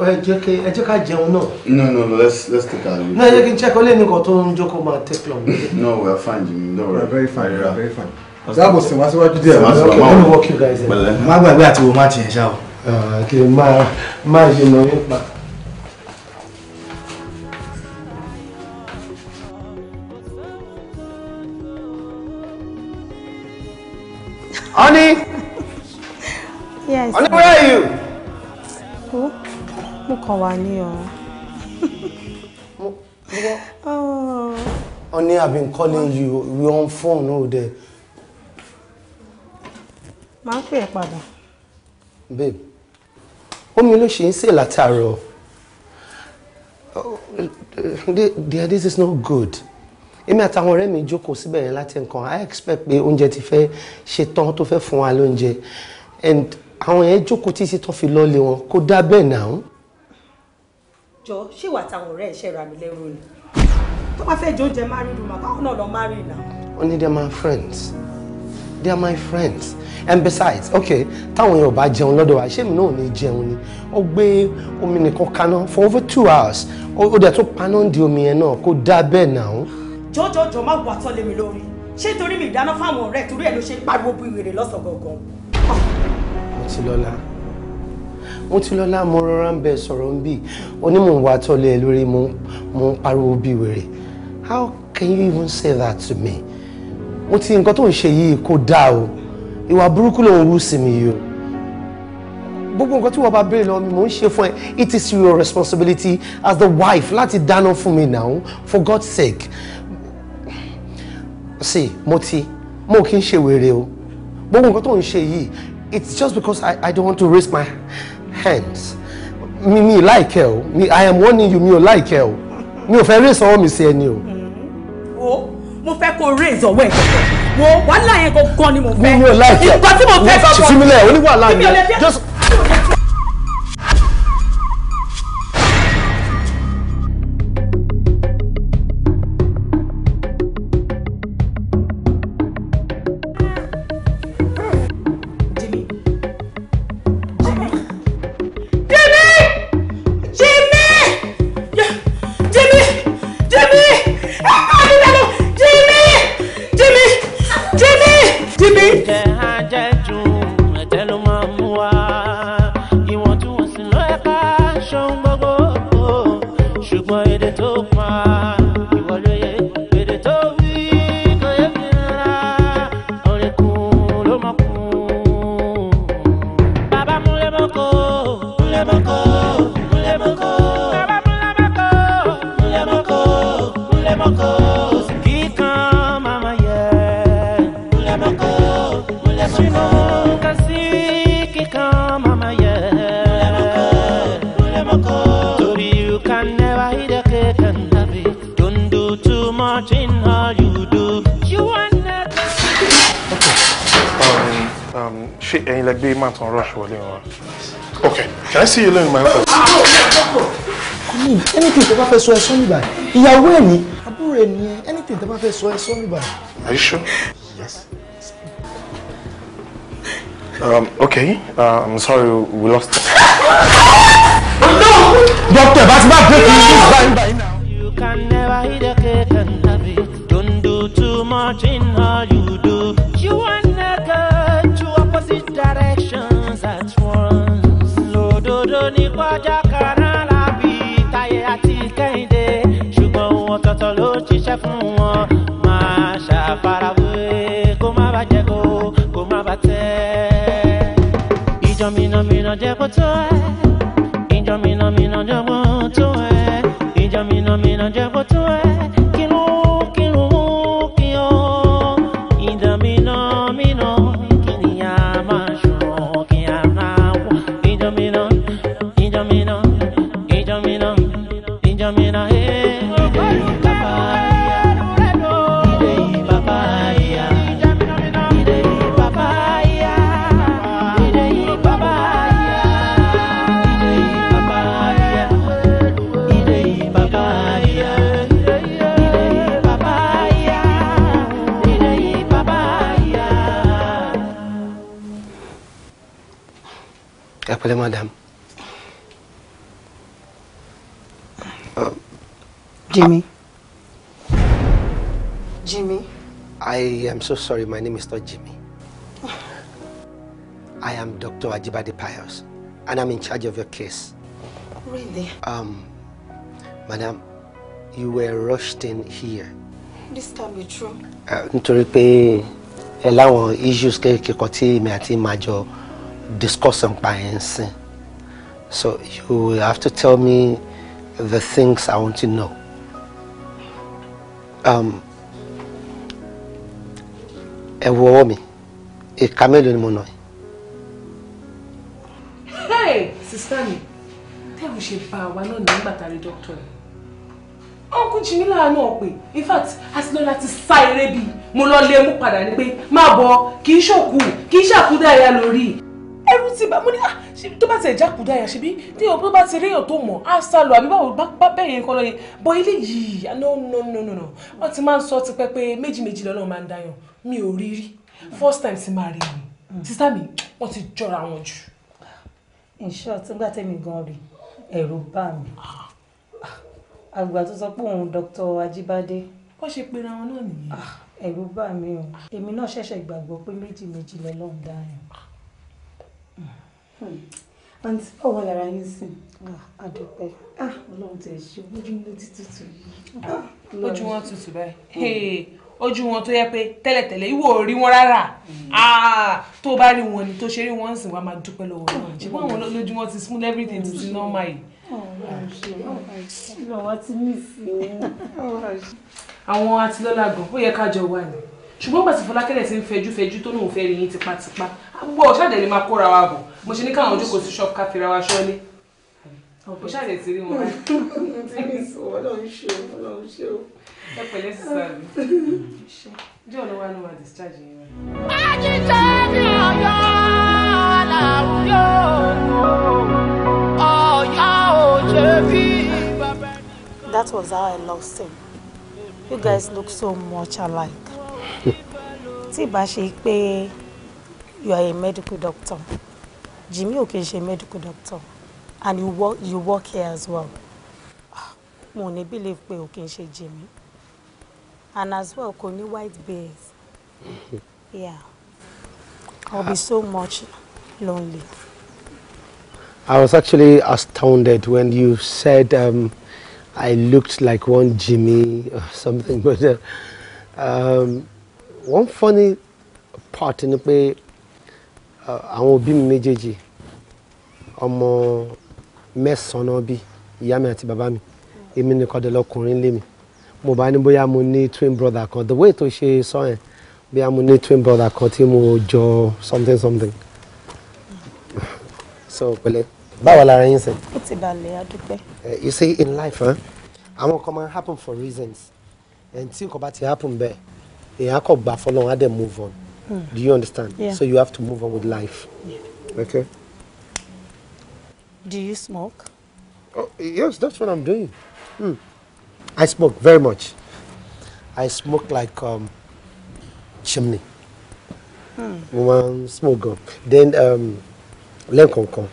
Ẹ jẹ́ ká jẹun náà. No, no, no, let's, let's take a look. No, you can n check ọlé nìkan tó ń jókòó máa take long. No, we are fine, Jimmy. Don't worry. We are very fine. We very fine. Sáàbò sìn wá síwájú díẹ̀. Let me walk you guys in. Má gbàgbé àti wo má tiẹ̀ ṣá o kí Honey! Yes. Honey, where are you? Who? Mukawani, Oh. Honey, I've been calling you. We on phone all day. Máa ń pè Babe omi ló ṣe ń sè látàárọ̀ dear this is not good èmi àtàwọn ọ̀rẹ́ mi jókòó síbẹ̀ yẹn láti nǹkan i expect pé oúnjẹ ti fẹ́ ṣe tán tó fẹ́ fún wa lóúnjẹ and àwọn yẹn jókòó títí tó fi lọ́ọ́ lé wọn kó dá bẹ́ẹ̀ náà. jọ ṣé ìwà àtàwọn ọ̀rẹ́ ẹ̀ ṣe ra mi lẹ́rù ni tó bá fẹ́ jẹ oúnjẹ má rí rúmà káwọn náà lọ má rí nà. only them are friends they are my friends and besides okay táwọn èèyàn bá jẹun lọ́dọ̀ wa ṣé mi náà ní jẹun ni ó gbé omi nìkan kaná for over two hours ó dẹ̀ tó paná di omi yẹn náà kó dá bẹ́ẹ̀ náà. jọjọjọ má wà tán lé mi lórí ṣé torí mi ìdáná fáwọn ọ̀rẹ́ torí ẹ̀ ló ṣe pariwo bí wèrè lọ́sàn gangan. mo ti lọ́la mo ti lọ́la mo rọra ń bẹ sọ̀rọ̀ ń bì onímọ̀ wà tán lé e lórí mo ń pariwo bí wèrè how can you even say that to me mo ti nǹkan tó ń ṣe yìí kò dáa o ìwà burúkú ló ń rú sí mi yìí o gbogbo nǹkan tí wọ́n bá béèrè lọ́wọ́ mi mò ń ṣe fún ẹ it is your responsibility as the wife láti dáná fún mi now for God's sake see mo ti mo kì í ṣe wèrè o gbogbo nǹkan tó ń ṣe yìí it's just because I, I don't want to raise my hands mi mi láìkẹ́ o I am warning you mi ò láìkẹ́ o mi ò fẹ́ raise ọwọ́ mi sí ẹni o. Mm mo fẹ́ kó raise ọwọ́ ẹ̀ kọ̀ọ̀kan wo wàhálà yẹn gangan ni mo fẹ́ nǹkan tí mo fẹ́ gangan. fi mi lẹ̀ oníwàhálà ni just see you alone my friend. come in anything tó bá fẹ́ sọ ẹ sọ nígbà ìyàwó ẹ̀ ní àbúrò ẹ̀ ní anything tó bá fẹ́ sọ ẹ sọ nígbà. are you sure. yes. Um, okay, uh, I'm sorry, we lost. no! Doctor, that's my breaking news. jẹ kó tó ẹ ìjọ mìnàmìnà jọmọ. so sorry. My name is Dr. Jimmy. I am Dr. Ajibade Pius, and I'm in charge of your case. Really? Um, madam, you were rushed in here. This can be true. Uh, nítorí pé ẹ láwọn issues kékeré kan tí èmi àti màá jọ discuss nípa ẹ̀ So you will have to tell me the things I want to know. Um, ẹ wo ọwọ́ mi ìka mélòó ni mo nà yìí. sista mi tẹ́wù ṣe fa àwa náà nígbà tá a rí dókítà yìí uncle jimmy láàánú in fact asinọ́lá ti sá eré bíi mo lọ lé e mú padà ní pé má bọ̀ kì í ṣòkù kì í ṣàkúdàáyà lórí ẹrú ti bá mo ní ah tó bá tẹ̀ jákúdàáyà ṣe bí ní o tó bá ti réyàn tó mọ̀ á sá lọ àbí báwo bá bẹ́ẹ̀ yẹn kọ́ lọ yẹn bọ ilé yìí ah, no no no no no wọ́n ti máa ń sọ tipẹ́ pé méjì méjì lọ́lọ́ máa ń dáyàn mi ò rí rí first time sí máa rí mi sísá mi wọ́n ti jọra wọn jù. in short nígbà tẹ́mi gan rí ẹ̀rù bà mí àgbà tó sọ pé òun Dr. Ajíbádé. wọ́n ṣe pera wọn náà nìyẹn. Ah, ẹ̀rù bà mí o èmi náà ṣẹ̀ṣẹ̀ gbàgbọ́ pé méjì méjì lọ́lọ́run dáhùn. Hmm. àǹtí báwo lára yín sìn. àdúpẹ́ ah, ah, ọlọ́run tẹ̀ ṣe ojú ló ti tutù yìí. ojú wọn tutù báyìí. Hmm ojú wọn tó yẹ pé tẹ́lẹ̀tẹ́lẹ̀ ìwọ ò rí wọn rárá mm. ah, tó bá rí wọn ni tó ṣe rí wọn sì wá máa dúpẹ́ lọ́wọ́ wọn ṣe fún àwọn lójú wọn ti smooth everything ti mm. ti normal yìí. àwọn atilọ́lá gan ó yẹ ká jọ wà ní ṣùgbọ́n bàtí fọlákẹ́lẹ̀ ti ń fẹjú fẹjú tó lóun fẹ́ rí yín tipátipá gbọ́ ọ̀ṣàdẹ̀ lè máa kóra wa bọ̀ mo ṣe ní káwọn ojú kò sí ṣọ́ọ̀bù ká fira wa ṣọ́lé ọ̀ṣàdẹ̀ ti rí wọn. ọlọ́run ṣe ọlọ́run ṣe o. That was how I lost him. You guys look so much alike. tí ìbá you are a medical doctor Jimmy okay, kì a medical doctor and you work, you work here as well ah, mo ò believe pé okay kì Jimmy and as well kò white bears yeah I'll be so much lonely. I was actually astounded when you said um, I looked like one Jimmy or something but uh, um, one funny part ni pé uh, àwọn òbí mi méjèèjì ọmọ mẹ́sàn-án bí ìyá mi àti ati babami. èmi nìkan dẹ̀ lọkùnrin lé mi mo bá ní bóyá mo ní twin brother kan the way to ṣe sọ yẹn bóyá mo ní twin brother kan tí mo jọ something something so pẹ̀lẹ́ báwo lára yín sẹ. ó ti balẹ̀ adúpẹ́. Eh, you see in life àwọn kan máa happen for reasons and tí nǹkan bá ti happen bẹ́ẹ̀ èèyàn kò gbà fọlọ́run á dẹ̀ move on hmm. do you understand yeah. so you have to move on with life. Yeah. okay. do you smoke. Oh, yes that's what I'm doing. Hmm. I smoke very much. I smoke like um, chimney. Hmm. Mo máa smoke gan. Then um, lẹ́ẹ̀kọ̀ọ̀kan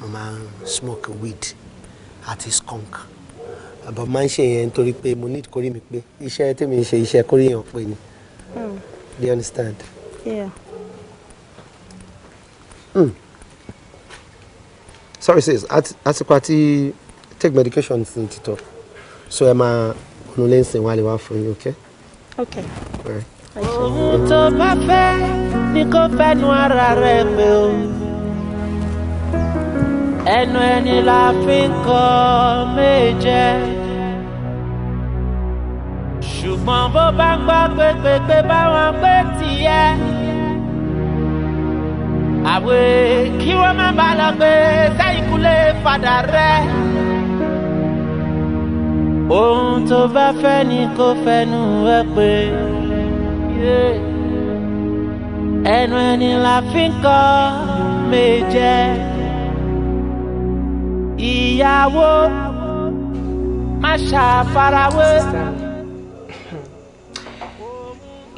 mo máa smoke weed àti skunk. Àbọ̀ máa ń ṣe yẹn nítorí pé mo need kórìí mi pé iṣẹ́ tí mi ń ṣe iṣẹ́ kórìí hmm. Do you understand? Yeah. Mm. Sorry sis, At àsìkò àti take medication ti tọ́ so ẹ máa ọ̀nà lè ń sìn wá lè wá fún yín ok. ok. ohun tó bá fẹ́ ni kò fẹ́nu ara rẹ̀ pé o ẹnu ẹni la fi ń kọ méje ṣùgbọ́n bó bá ń gbọ́ pépépé báwọn pé tìyẹ àwẹ̀ kí wọ́n má bàa lọ pé sẹ́yìn kúlẹ̀ fàdà rẹ̀ ohun tó bá fẹ́ ni kó fẹnu ẹ pé ẹnu ẹni la fi ń kọ́ méjẹ́ ìyàwó má ṣàfarawé.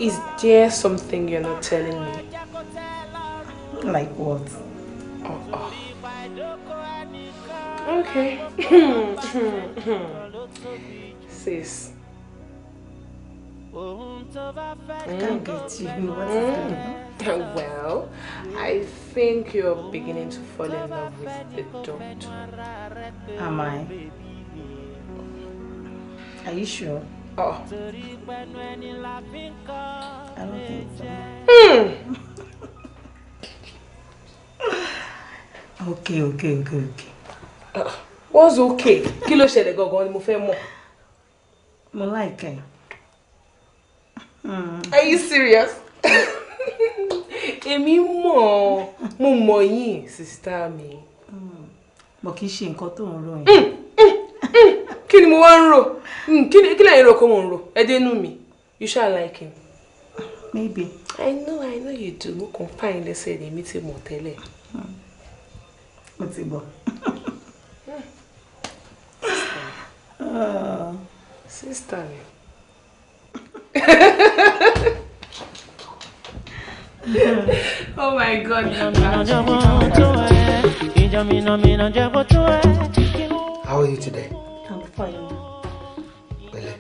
Is there something you're not telling me? Like what? Oh, oh. Okay. sis. Mm, did you? Mm, mm. Well, I think you're beginning to fall in love with the doctor. Am I? Are you sure? Oh. I don't think so. Hmm. okay, okay, okay, okay. Uh. Was okay kí ló ṣẹlẹ̀ gangan ni mo fẹ́ mọ̀. mo láìka ẹ. Hmm. are you serious? èmi mọ̀ mo mọ̀ yín sista mi. Hmm. bọ̀ kì í ṣe nǹkan tó ń rò yín. Hmm, kí ni mo wá ń rò kí lẹ́yìn rò kó mo ń rò ẹ dénú mi you shall like him. maybe. i know i know you do mo kàn fáyín lẹ́sẹ̀ ní mi ti mọ̀ tẹ́lẹ̀. mo ti bọ̀. Ah, Sister. oh my god how are you today i'm fine pẹ̀lẹ́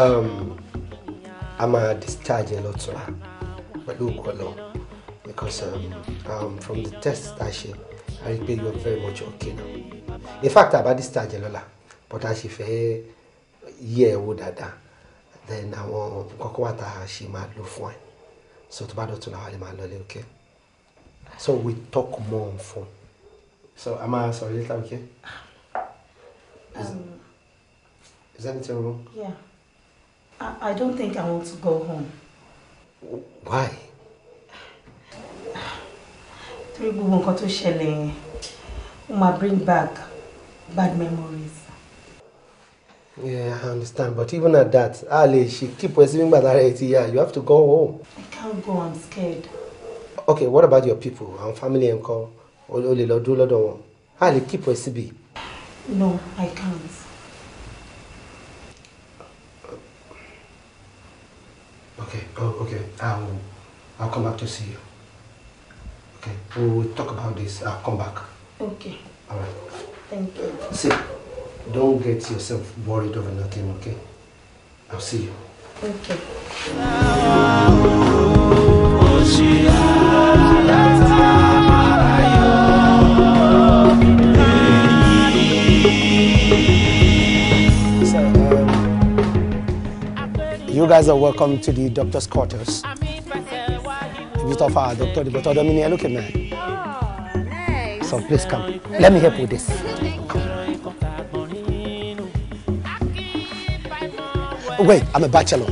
um a máa discharge ẹ lọtún but look alone because um, um from the test that i share, i rí pé you are very much okay now in fact àbá discharge ẹ lọ́la but a sì fẹ́ yẹ̀ ẹ́ wò dáadáa then àwọn kọ́kọ́ wà tá a ṣe máa lò fún ẹ so tó bá dọ̀tún làwọn lè máa lọlé ok so we talk more on phone so a máa sọ̀rọ̀ later ok. Is, um, is anything wrong? Yeah. I, I don't think I want to go home. Why? Torí gbogbo nǹkan tó ṣẹlẹ̀ yẹn, ó máa bring back bad memories. Yeah, I understand, but even at that, Ali, she keep receiving bad ideas. yeah, you have to go home. I can't go, I'm scared. Okay, what about your people, our family and call? Only Lodu Lodo. Ali, keep receiving. No, I can't. Okay, oh, okay, I'll, I'll come back to see you. Okay, we'll talk about this, I'll come back. Okay. All right. Thank you. See. Don't get yourself worried over nothing, okay? I'll see you. Okay. You guys are welcome to the doctor's quarters. Ibi tó fa doctor, ibi tó domi ni ẹ lókè mẹ́. So please come. Let me help with this. wait i'm a bachelor.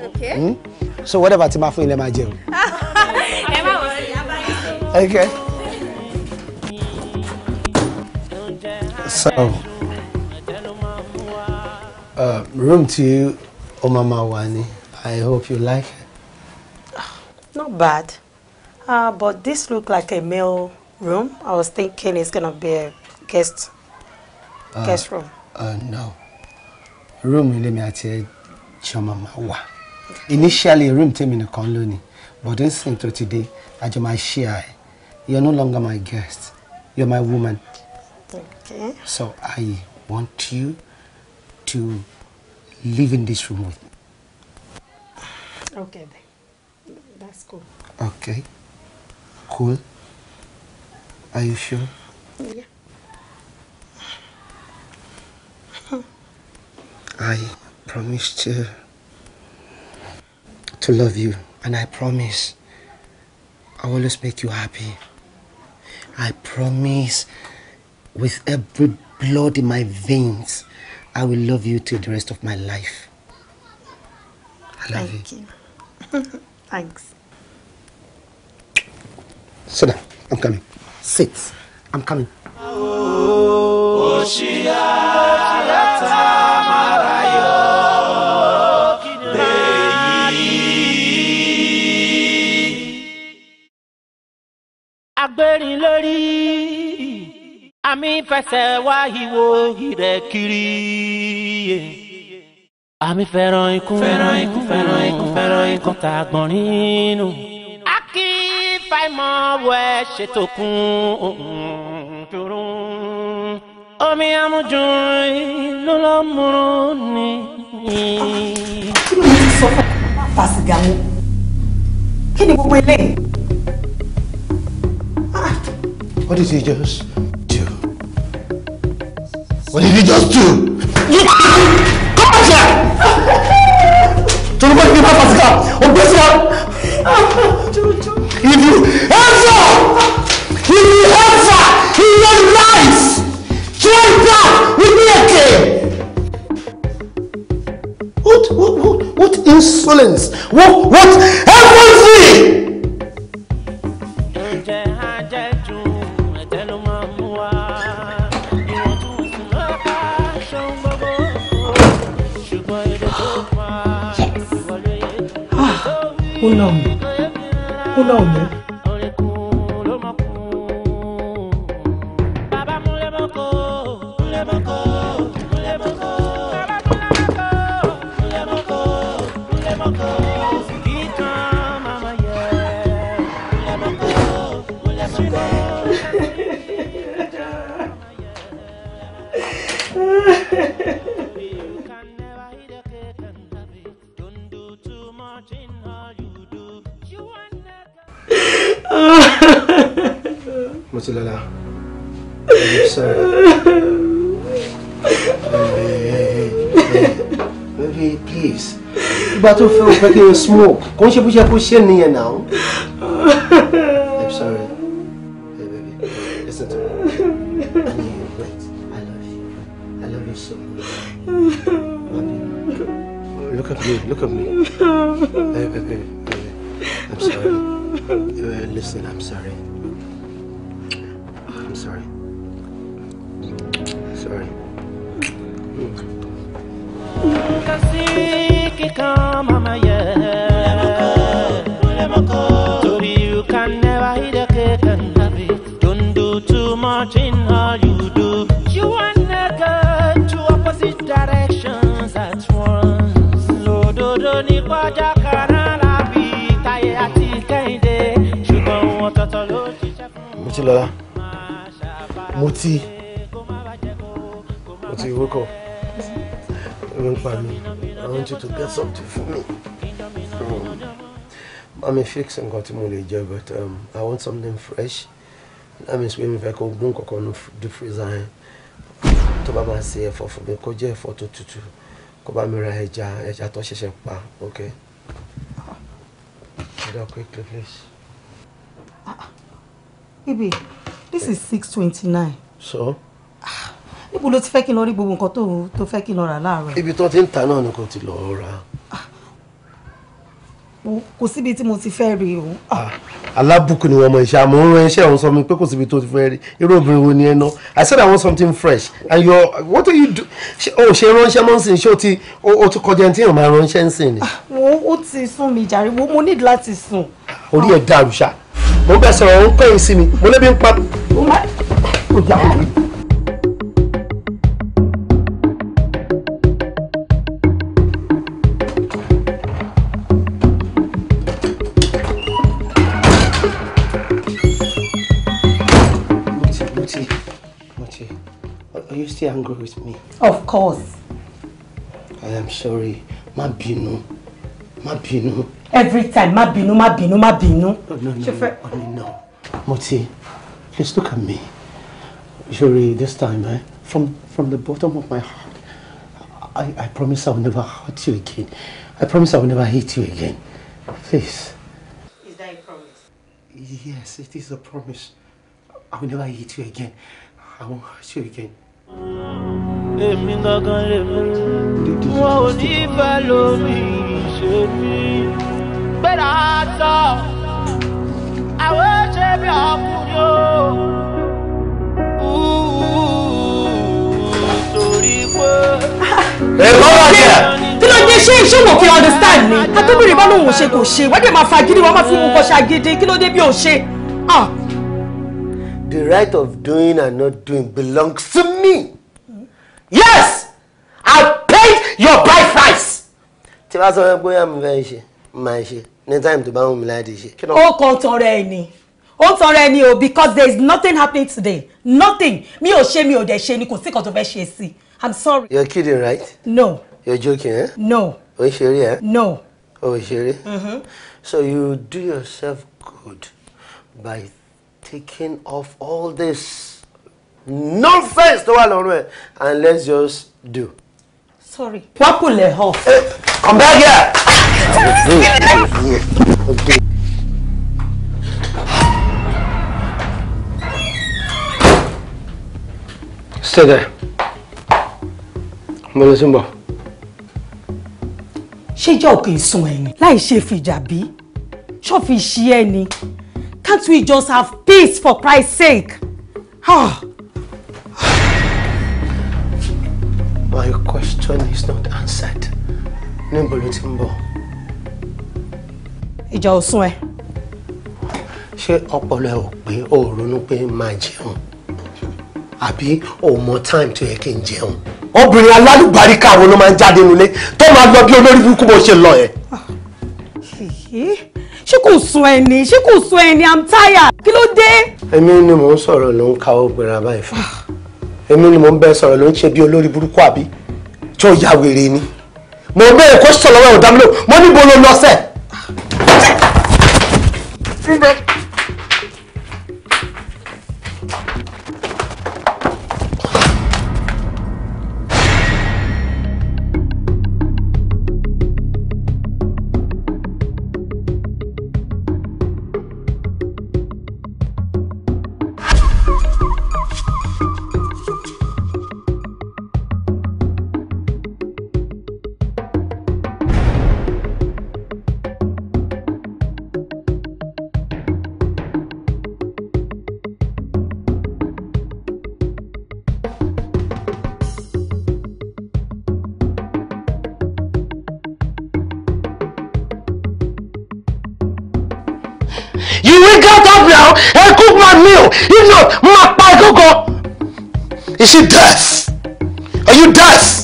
okay. Mm? so whatever ti máa fún ilé máa jẹ o. ẹ má wọ okay. so uh, room tí o máa máa i hope you like it. not bad uh, but this look like a male room i was thinking it's gonna be a guest uh, guest room. Uh, no room ilé mi àti ẹ. Chama máa wà initially room in the colony, but this tó today, dé àjọ my share you are no longer my guest you are my woman okay. so I want you to live in this room with me. Okay then. That's cool. Okay. Cool. Are you sure? Yeah. I promise to to love you and I promise I'll always make you happy. I promise with every blood in my veins I will love you till the rest of my life. I love Thank you. you. Thanks. Sit down. I'm coming. Sit. I'm coming. Oh, oh, agbérin lórí àmì fẹsẹ̀ wá ìwo ìrẹ̀ kiri. àmì fẹ́ràn ikú fẹ́ràn ikú fẹ́ràn ikú fẹ́ràn ikú tá a gbọ̀n nínú. a kì í fa ìmọ̀ wẹ̀ ṣètò kún òun omi amújú ló lọ́ múrú ni. kí ló ń sọ fún pàṣẹ gàmú kí ni gbogbo eléyìí. What did he just do? What did he just do? You come back here! Don't make me have a scar! Or this one! If you answer! If you answer He your life! Join that with me again! What, what, what, what insolence! What, what, everything! una una una Mutilola. I'm sorry. Baby, please. But to feel like you smoke. Can't you push your push in now? I'm sorry. Hey, baby. Listen to me. I Wait. I love you. I love you so much. Mommy. Look at me. Look at me. Hey, baby. baby. I'm sorry. Uh, listen, I'm sorry. Lọ́lá mo ti mo ti up ẹ̀rù ń pa I want you to get something for me. Mami fix nǹkan tí mo lè jẹ but um, I want something fresh that means pé mi fẹ́ kó gún kankan the freezer To tó bá for for me fún for to jẹ́ ẹ̀fọ́ tó tutù kó bá mi ra ẹja pa okay. Get up quickly please. uh Ibi, this is six twenty nine. So? Ah, níbo ló ti fẹ́ kí n lọ rí gbogbo nǹkan tó tó fẹ́ kí n lọ rà láàárọ̀? Ibi tó ti ń ta náà ni kò ti lọ rà. Ah, kò síbi tí mo ti fẹ́ rí o. Ah. Alábùkún ni wọ́n mọ iṣẹ́ àmọ́ ń ran iṣẹ́ àwọn sọ mi pé kò síbi tó ti fẹ́ rí. Irú obìnrin wo ni ẹ ná? I said I want something fresh and your what do you do? O ṣe ránṣẹ́ mọ́ nsìn ṣé o ti o ti kọjá ẹni tí èèyàn máa ránṣẹ́ nsìn ni? Wo ti sún mi jàre, mo need láti sùn. Orí ẹ̀ dàrú ṣáà mo bẹ̀ sọ̀rọ̀ ó ń kẹ́yìn sí mi mo lébi ń pa. Are you still angry with me? Of course. I am sorry. ma binu má bínú. every time má bínú má bínú má bínú. no no no no Moti please look at me Shuri this time eh, from from the bottom of my heart I I promise I will never hurt you again I promise I will never hate you again please. is that a promise. yes it is a promise I will never hate you again I won't hurt you again. Mm èmi gangan lèmi wọn ò ní fẹ́ lómi ṣe mí. gbéra sọ àwọn ṣe bí ọkùnrin o. torí pé. ẹ bọ́ wá jẹ́ ṣé ṣé wò kí understand ni atóbìnrin bá lóun ò ṣe kò ṣe wọ́n dẹ̀ máa fagídí wọ́n máa fi mú kọ́ ṣàgídí kí ló dé bí ò ṣe. Ah. The right of doing and not doing belongs to me yes i paid your buy price. tí wàá sọ pé bóyá mi fẹ́ ṣe máa ṣe ní time tó bá wù mí láti ṣe. ó kàn tọrọ ẹ ni ó tọrọ ẹ ni o because there is nothing happening today nothing mi ò ṣe mi ò dẹ̀ ṣe ni kò sí kan tó fẹ́ ṣe sí i'm sorry. you're kidding right. no. you're joking. Eh? no. o ṣeré ẹ. Eh? no. o ṣeré. Mm-hmm. so you do yourself good by taking off all this nonsense tó wà lọ́rùn ẹ̀ and let's just do. sorry. purple ẹ̀ hàn. come back here. stay there. mo lọ sí mbọ. ṣé ìjà òkè sun ẹ ni. láì ṣe fìjà bí ṣọ́ọ̀fì ṣí ẹ can't we just have peace for Christ's sake. Huh. Ah. My question is not answered. Níbo ló Ija ń bọ̀? Ìjà ò sún ẹ. Ṣé ọpọlọ o ò ronú pé máa jẹun? o mọ time tó yẹ kí n jẹun? Obìnrin alálùbáríkà wo ló máa ń jáde nílé tó máa lọ bí olórí burúkú bó ṣe lọ yẹn? Ṣé kò sún ẹ ni? Ṣé kò sún ẹ ni? I'm tired. Kilo ló dé? Èmi ni mò ń sọ̀rọ̀ ló ń ka obìnrin abáyé èmi ni mò ń bẹ sọ̀rọ̀ ló ń ṣe bí olórí burúkú àbí tó ya wèrè ni mò ń bẹ̀rẹ̀ kó sọ̀rọ̀ lọ́wọ́ ìdámúlò mo níbo ló lọ sẹ́ẹ̀. You will get up now and cook my meal. If not, my pie go go. Is she deaf? Are you deaf?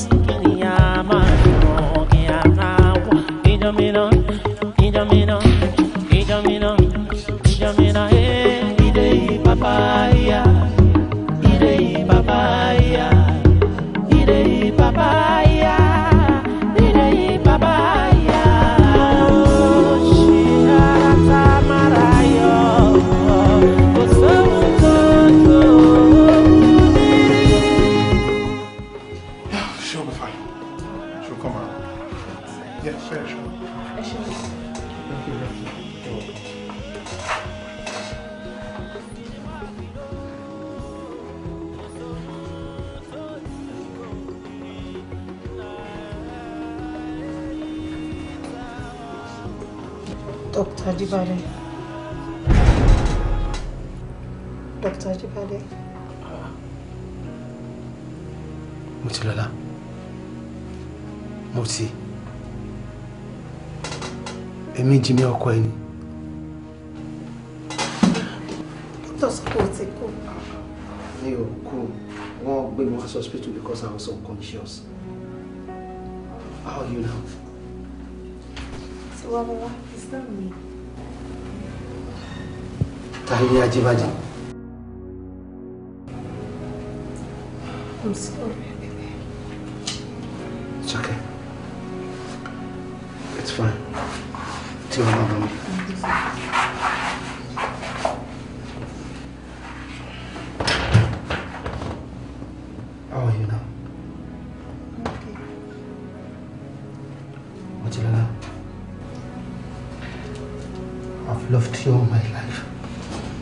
I've loved you all my life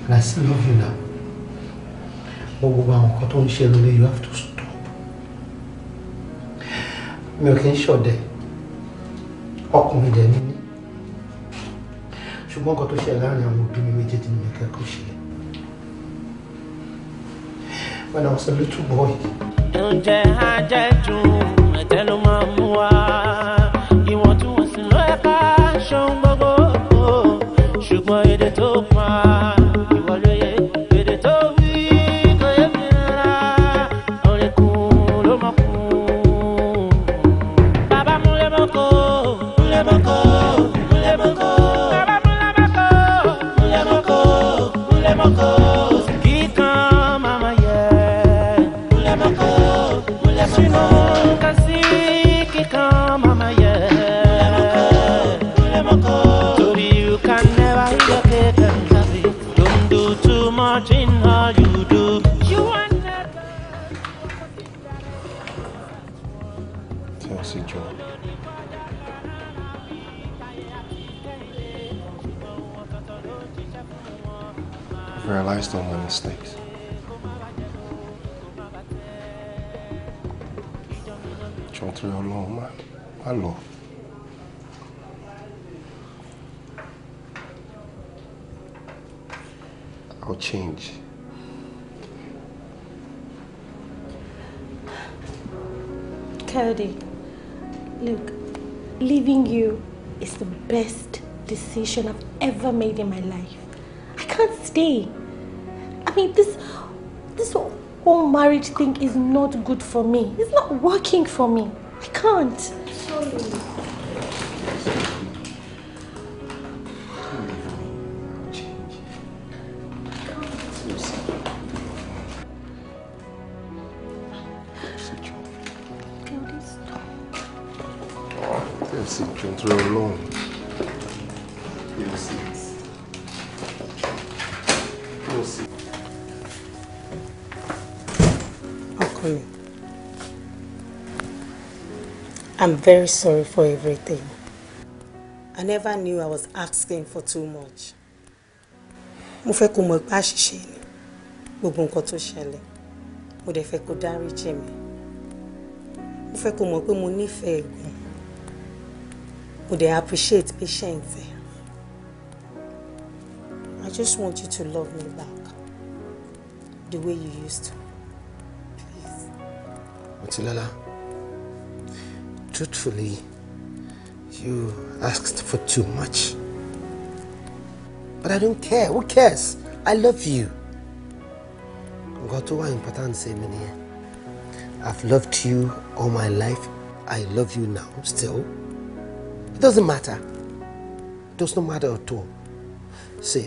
and I still love you now. But gbogbo àwọn nǹkan tó ń ṣe lórí you have to stop. Mi okay? kí day. ṣọ̀dẹ̀, come dẹ̀ ni mí. Ṣùgbọ́n nǹkan tó ṣe láàrin àwọn òbí mi méjèèjì ni mi kẹ́kọ̀ọ́ ṣe. When I was a little boy. Ǹjẹ́ ajẹ́jú ẹ̀jẹ̀ ló máa mú wá? it to my algo. I'll change. Cody, look, leaving you is the best decision I've ever made in my life. I can't stay. I mean, this, this whole marriage thing is not good for me. It's not working for me. I can't. sí jọ̀ǹtúrẹ́ ọlọ́run I'm very sorry for everything. I never knew I was asking for too much. Mo fẹ́ kó mọ̀ pé àṣìṣe ni gbogbo nǹkan tó ṣẹlẹ̀. Mo dẹ̀ fẹ́ kó dáríjì mi. Mo fẹ́ kó mọ̀ pé mo nífẹ̀ẹ́ ẹ̀gbọ́n. Mo dẹ̀ appreciate patience I just want you to love me back the way you used to. Please. Otilala. truthfully, you asked for too much. But I don't care. Who cares? I love you. nǹkan tó important i I've loved you all my life I love you now still it doesn't matter it does not matter at all See.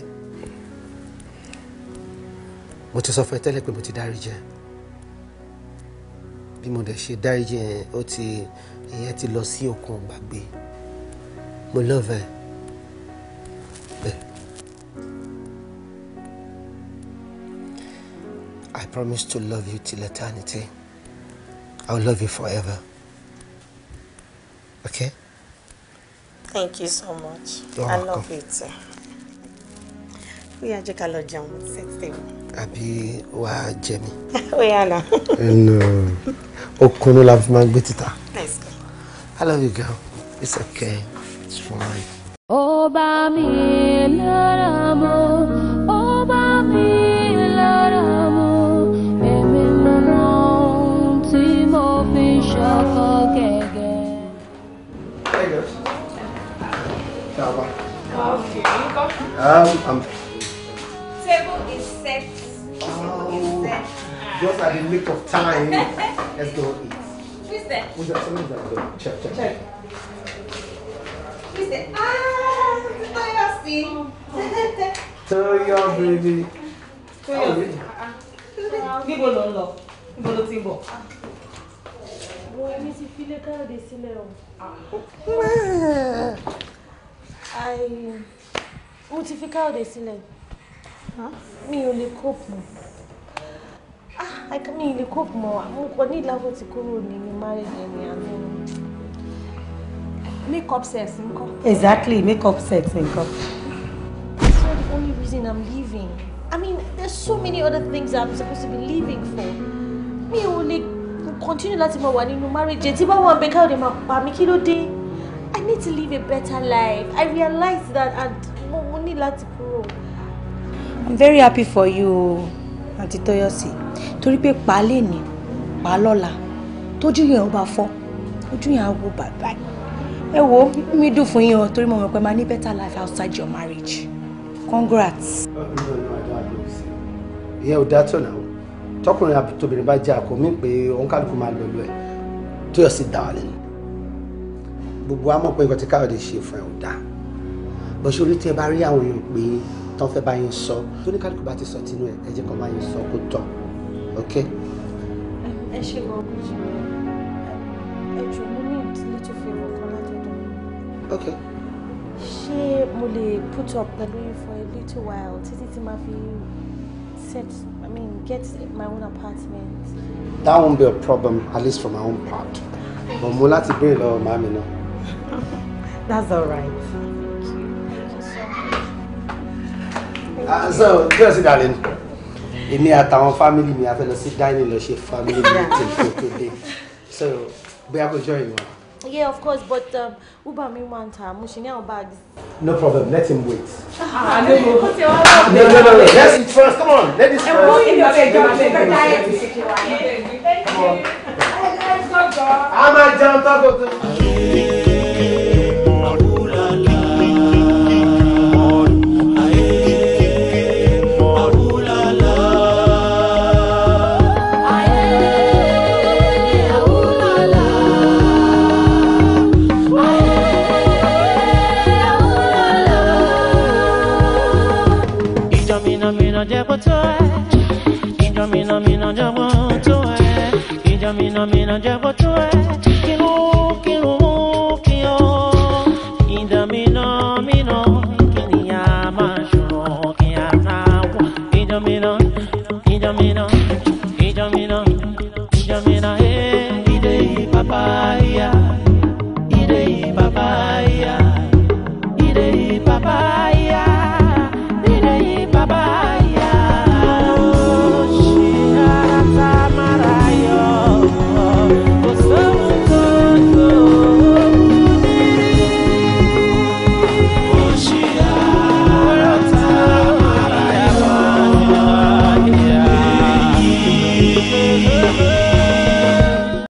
What is ti sọ fún ẹ your diary? bí mo dẹ̀ ṣe dáríjì yẹn ó ti ìyẹn ti lọ sí òkun gbàgbé mo love bẹ́ẹ̀. I promise to love you till eternity. I will love you forever. Okay? Thank you so much. You're I love you too. Oya jẹ́ ká lọ jẹun sẹ́tẹ̀. Àbí wàá jẹ mi. Oya náà okun ló la fi máa ń gbé títa. I love you girl it's okay it's fine. ó bá mi lára mu ó bá mi lára mu èmi mọ ohun tí mo fi ṣọkọ gẹ́gẹ́. Hey girls. Ciao. Okay, um, I'm table is set. Table is oh, set. Just at the nick of time. Let's go eat. Who's there? Who's there? Someone's at the Check, check. Check. Who's there? Ah, Toyo, see? Toyo, baby. Toyo. Oh, ah. Níbo ló ń lọ? Níbo ló ti ń bọ̀? Wo èmi ti fi ilé káyọ̀dé sílẹ̀ o. Ah. Mo ti fi káyọ̀dé sílẹ̀. Mi ò lè kópù ah mi lè cope mọ́ mo kàn ní ìlàwọ tí kúrò nínú marriage ni àná make up sex ńkọ́. exactly make up sex ńkọ́. that's not the only reason i'm leaving i mean there's so many other things i'm supposed to be leaving for Me only continue láti máa wà nínú marriage tí bá wà bẹ́ẹ̀ káyọ̀dé máa pa mí kí ló i need to live a better life i realized that and mo ní láti kúrò. i'm very happy for you Auntie Toyosi torí pé pa lè ní pa lọ́la tójú yẹn ó bá fọ́ ojú yẹn á wo bàbá ẹ wo mi dùn fún yín o torí mo mọ̀ pé máa ní better life outside your marriage congrats. ìyẹn ò dáa tó náà tọkùnrin àtòbìnrin bá jẹ àkómi pé òun kálukú máa lọ lọ ẹ tó yọ sí dàwọn lẹ́nu gbogbo wa mọ̀ pé nǹkan tí káyọ̀dé ṣe fún ẹ ò dáa bọ́sẹ̀ orí tí ẹ bá rí àwọn èèyàn pé tán fẹ́ bá yín sọ tó ní kálukú bá ti sọ tinú ẹ ẹ jẹ́ kó máa yín sọ kó tán ok. ẹ ṣe lọ ẹ jù mí ní little favour kan látọ̀dọ̀ mi. ok. ṣé mo lè put up pẹ̀lú yín for a little while títí tí màá fi set i mean get my own apartment. that won't be a problem at least from my own part but mo láti béèrè lọ́wọ́ màmí náà. that's all right. Thank ah, you. Thank you so much. Uh, so, darling èmi àtàwọn fámìlì mi a lọ sí dining lọ ṣe family meeting for today so bóyá kò join wa. Yeah, of course, but um, Uber me want her. Mo ṣe ní àwọn bags. No problem. Let him wait. Ah, no, no, no, no, no. Let's eat first. Come on. Let this first. Come on. I'm a jam taco. jọ mi nà mi nà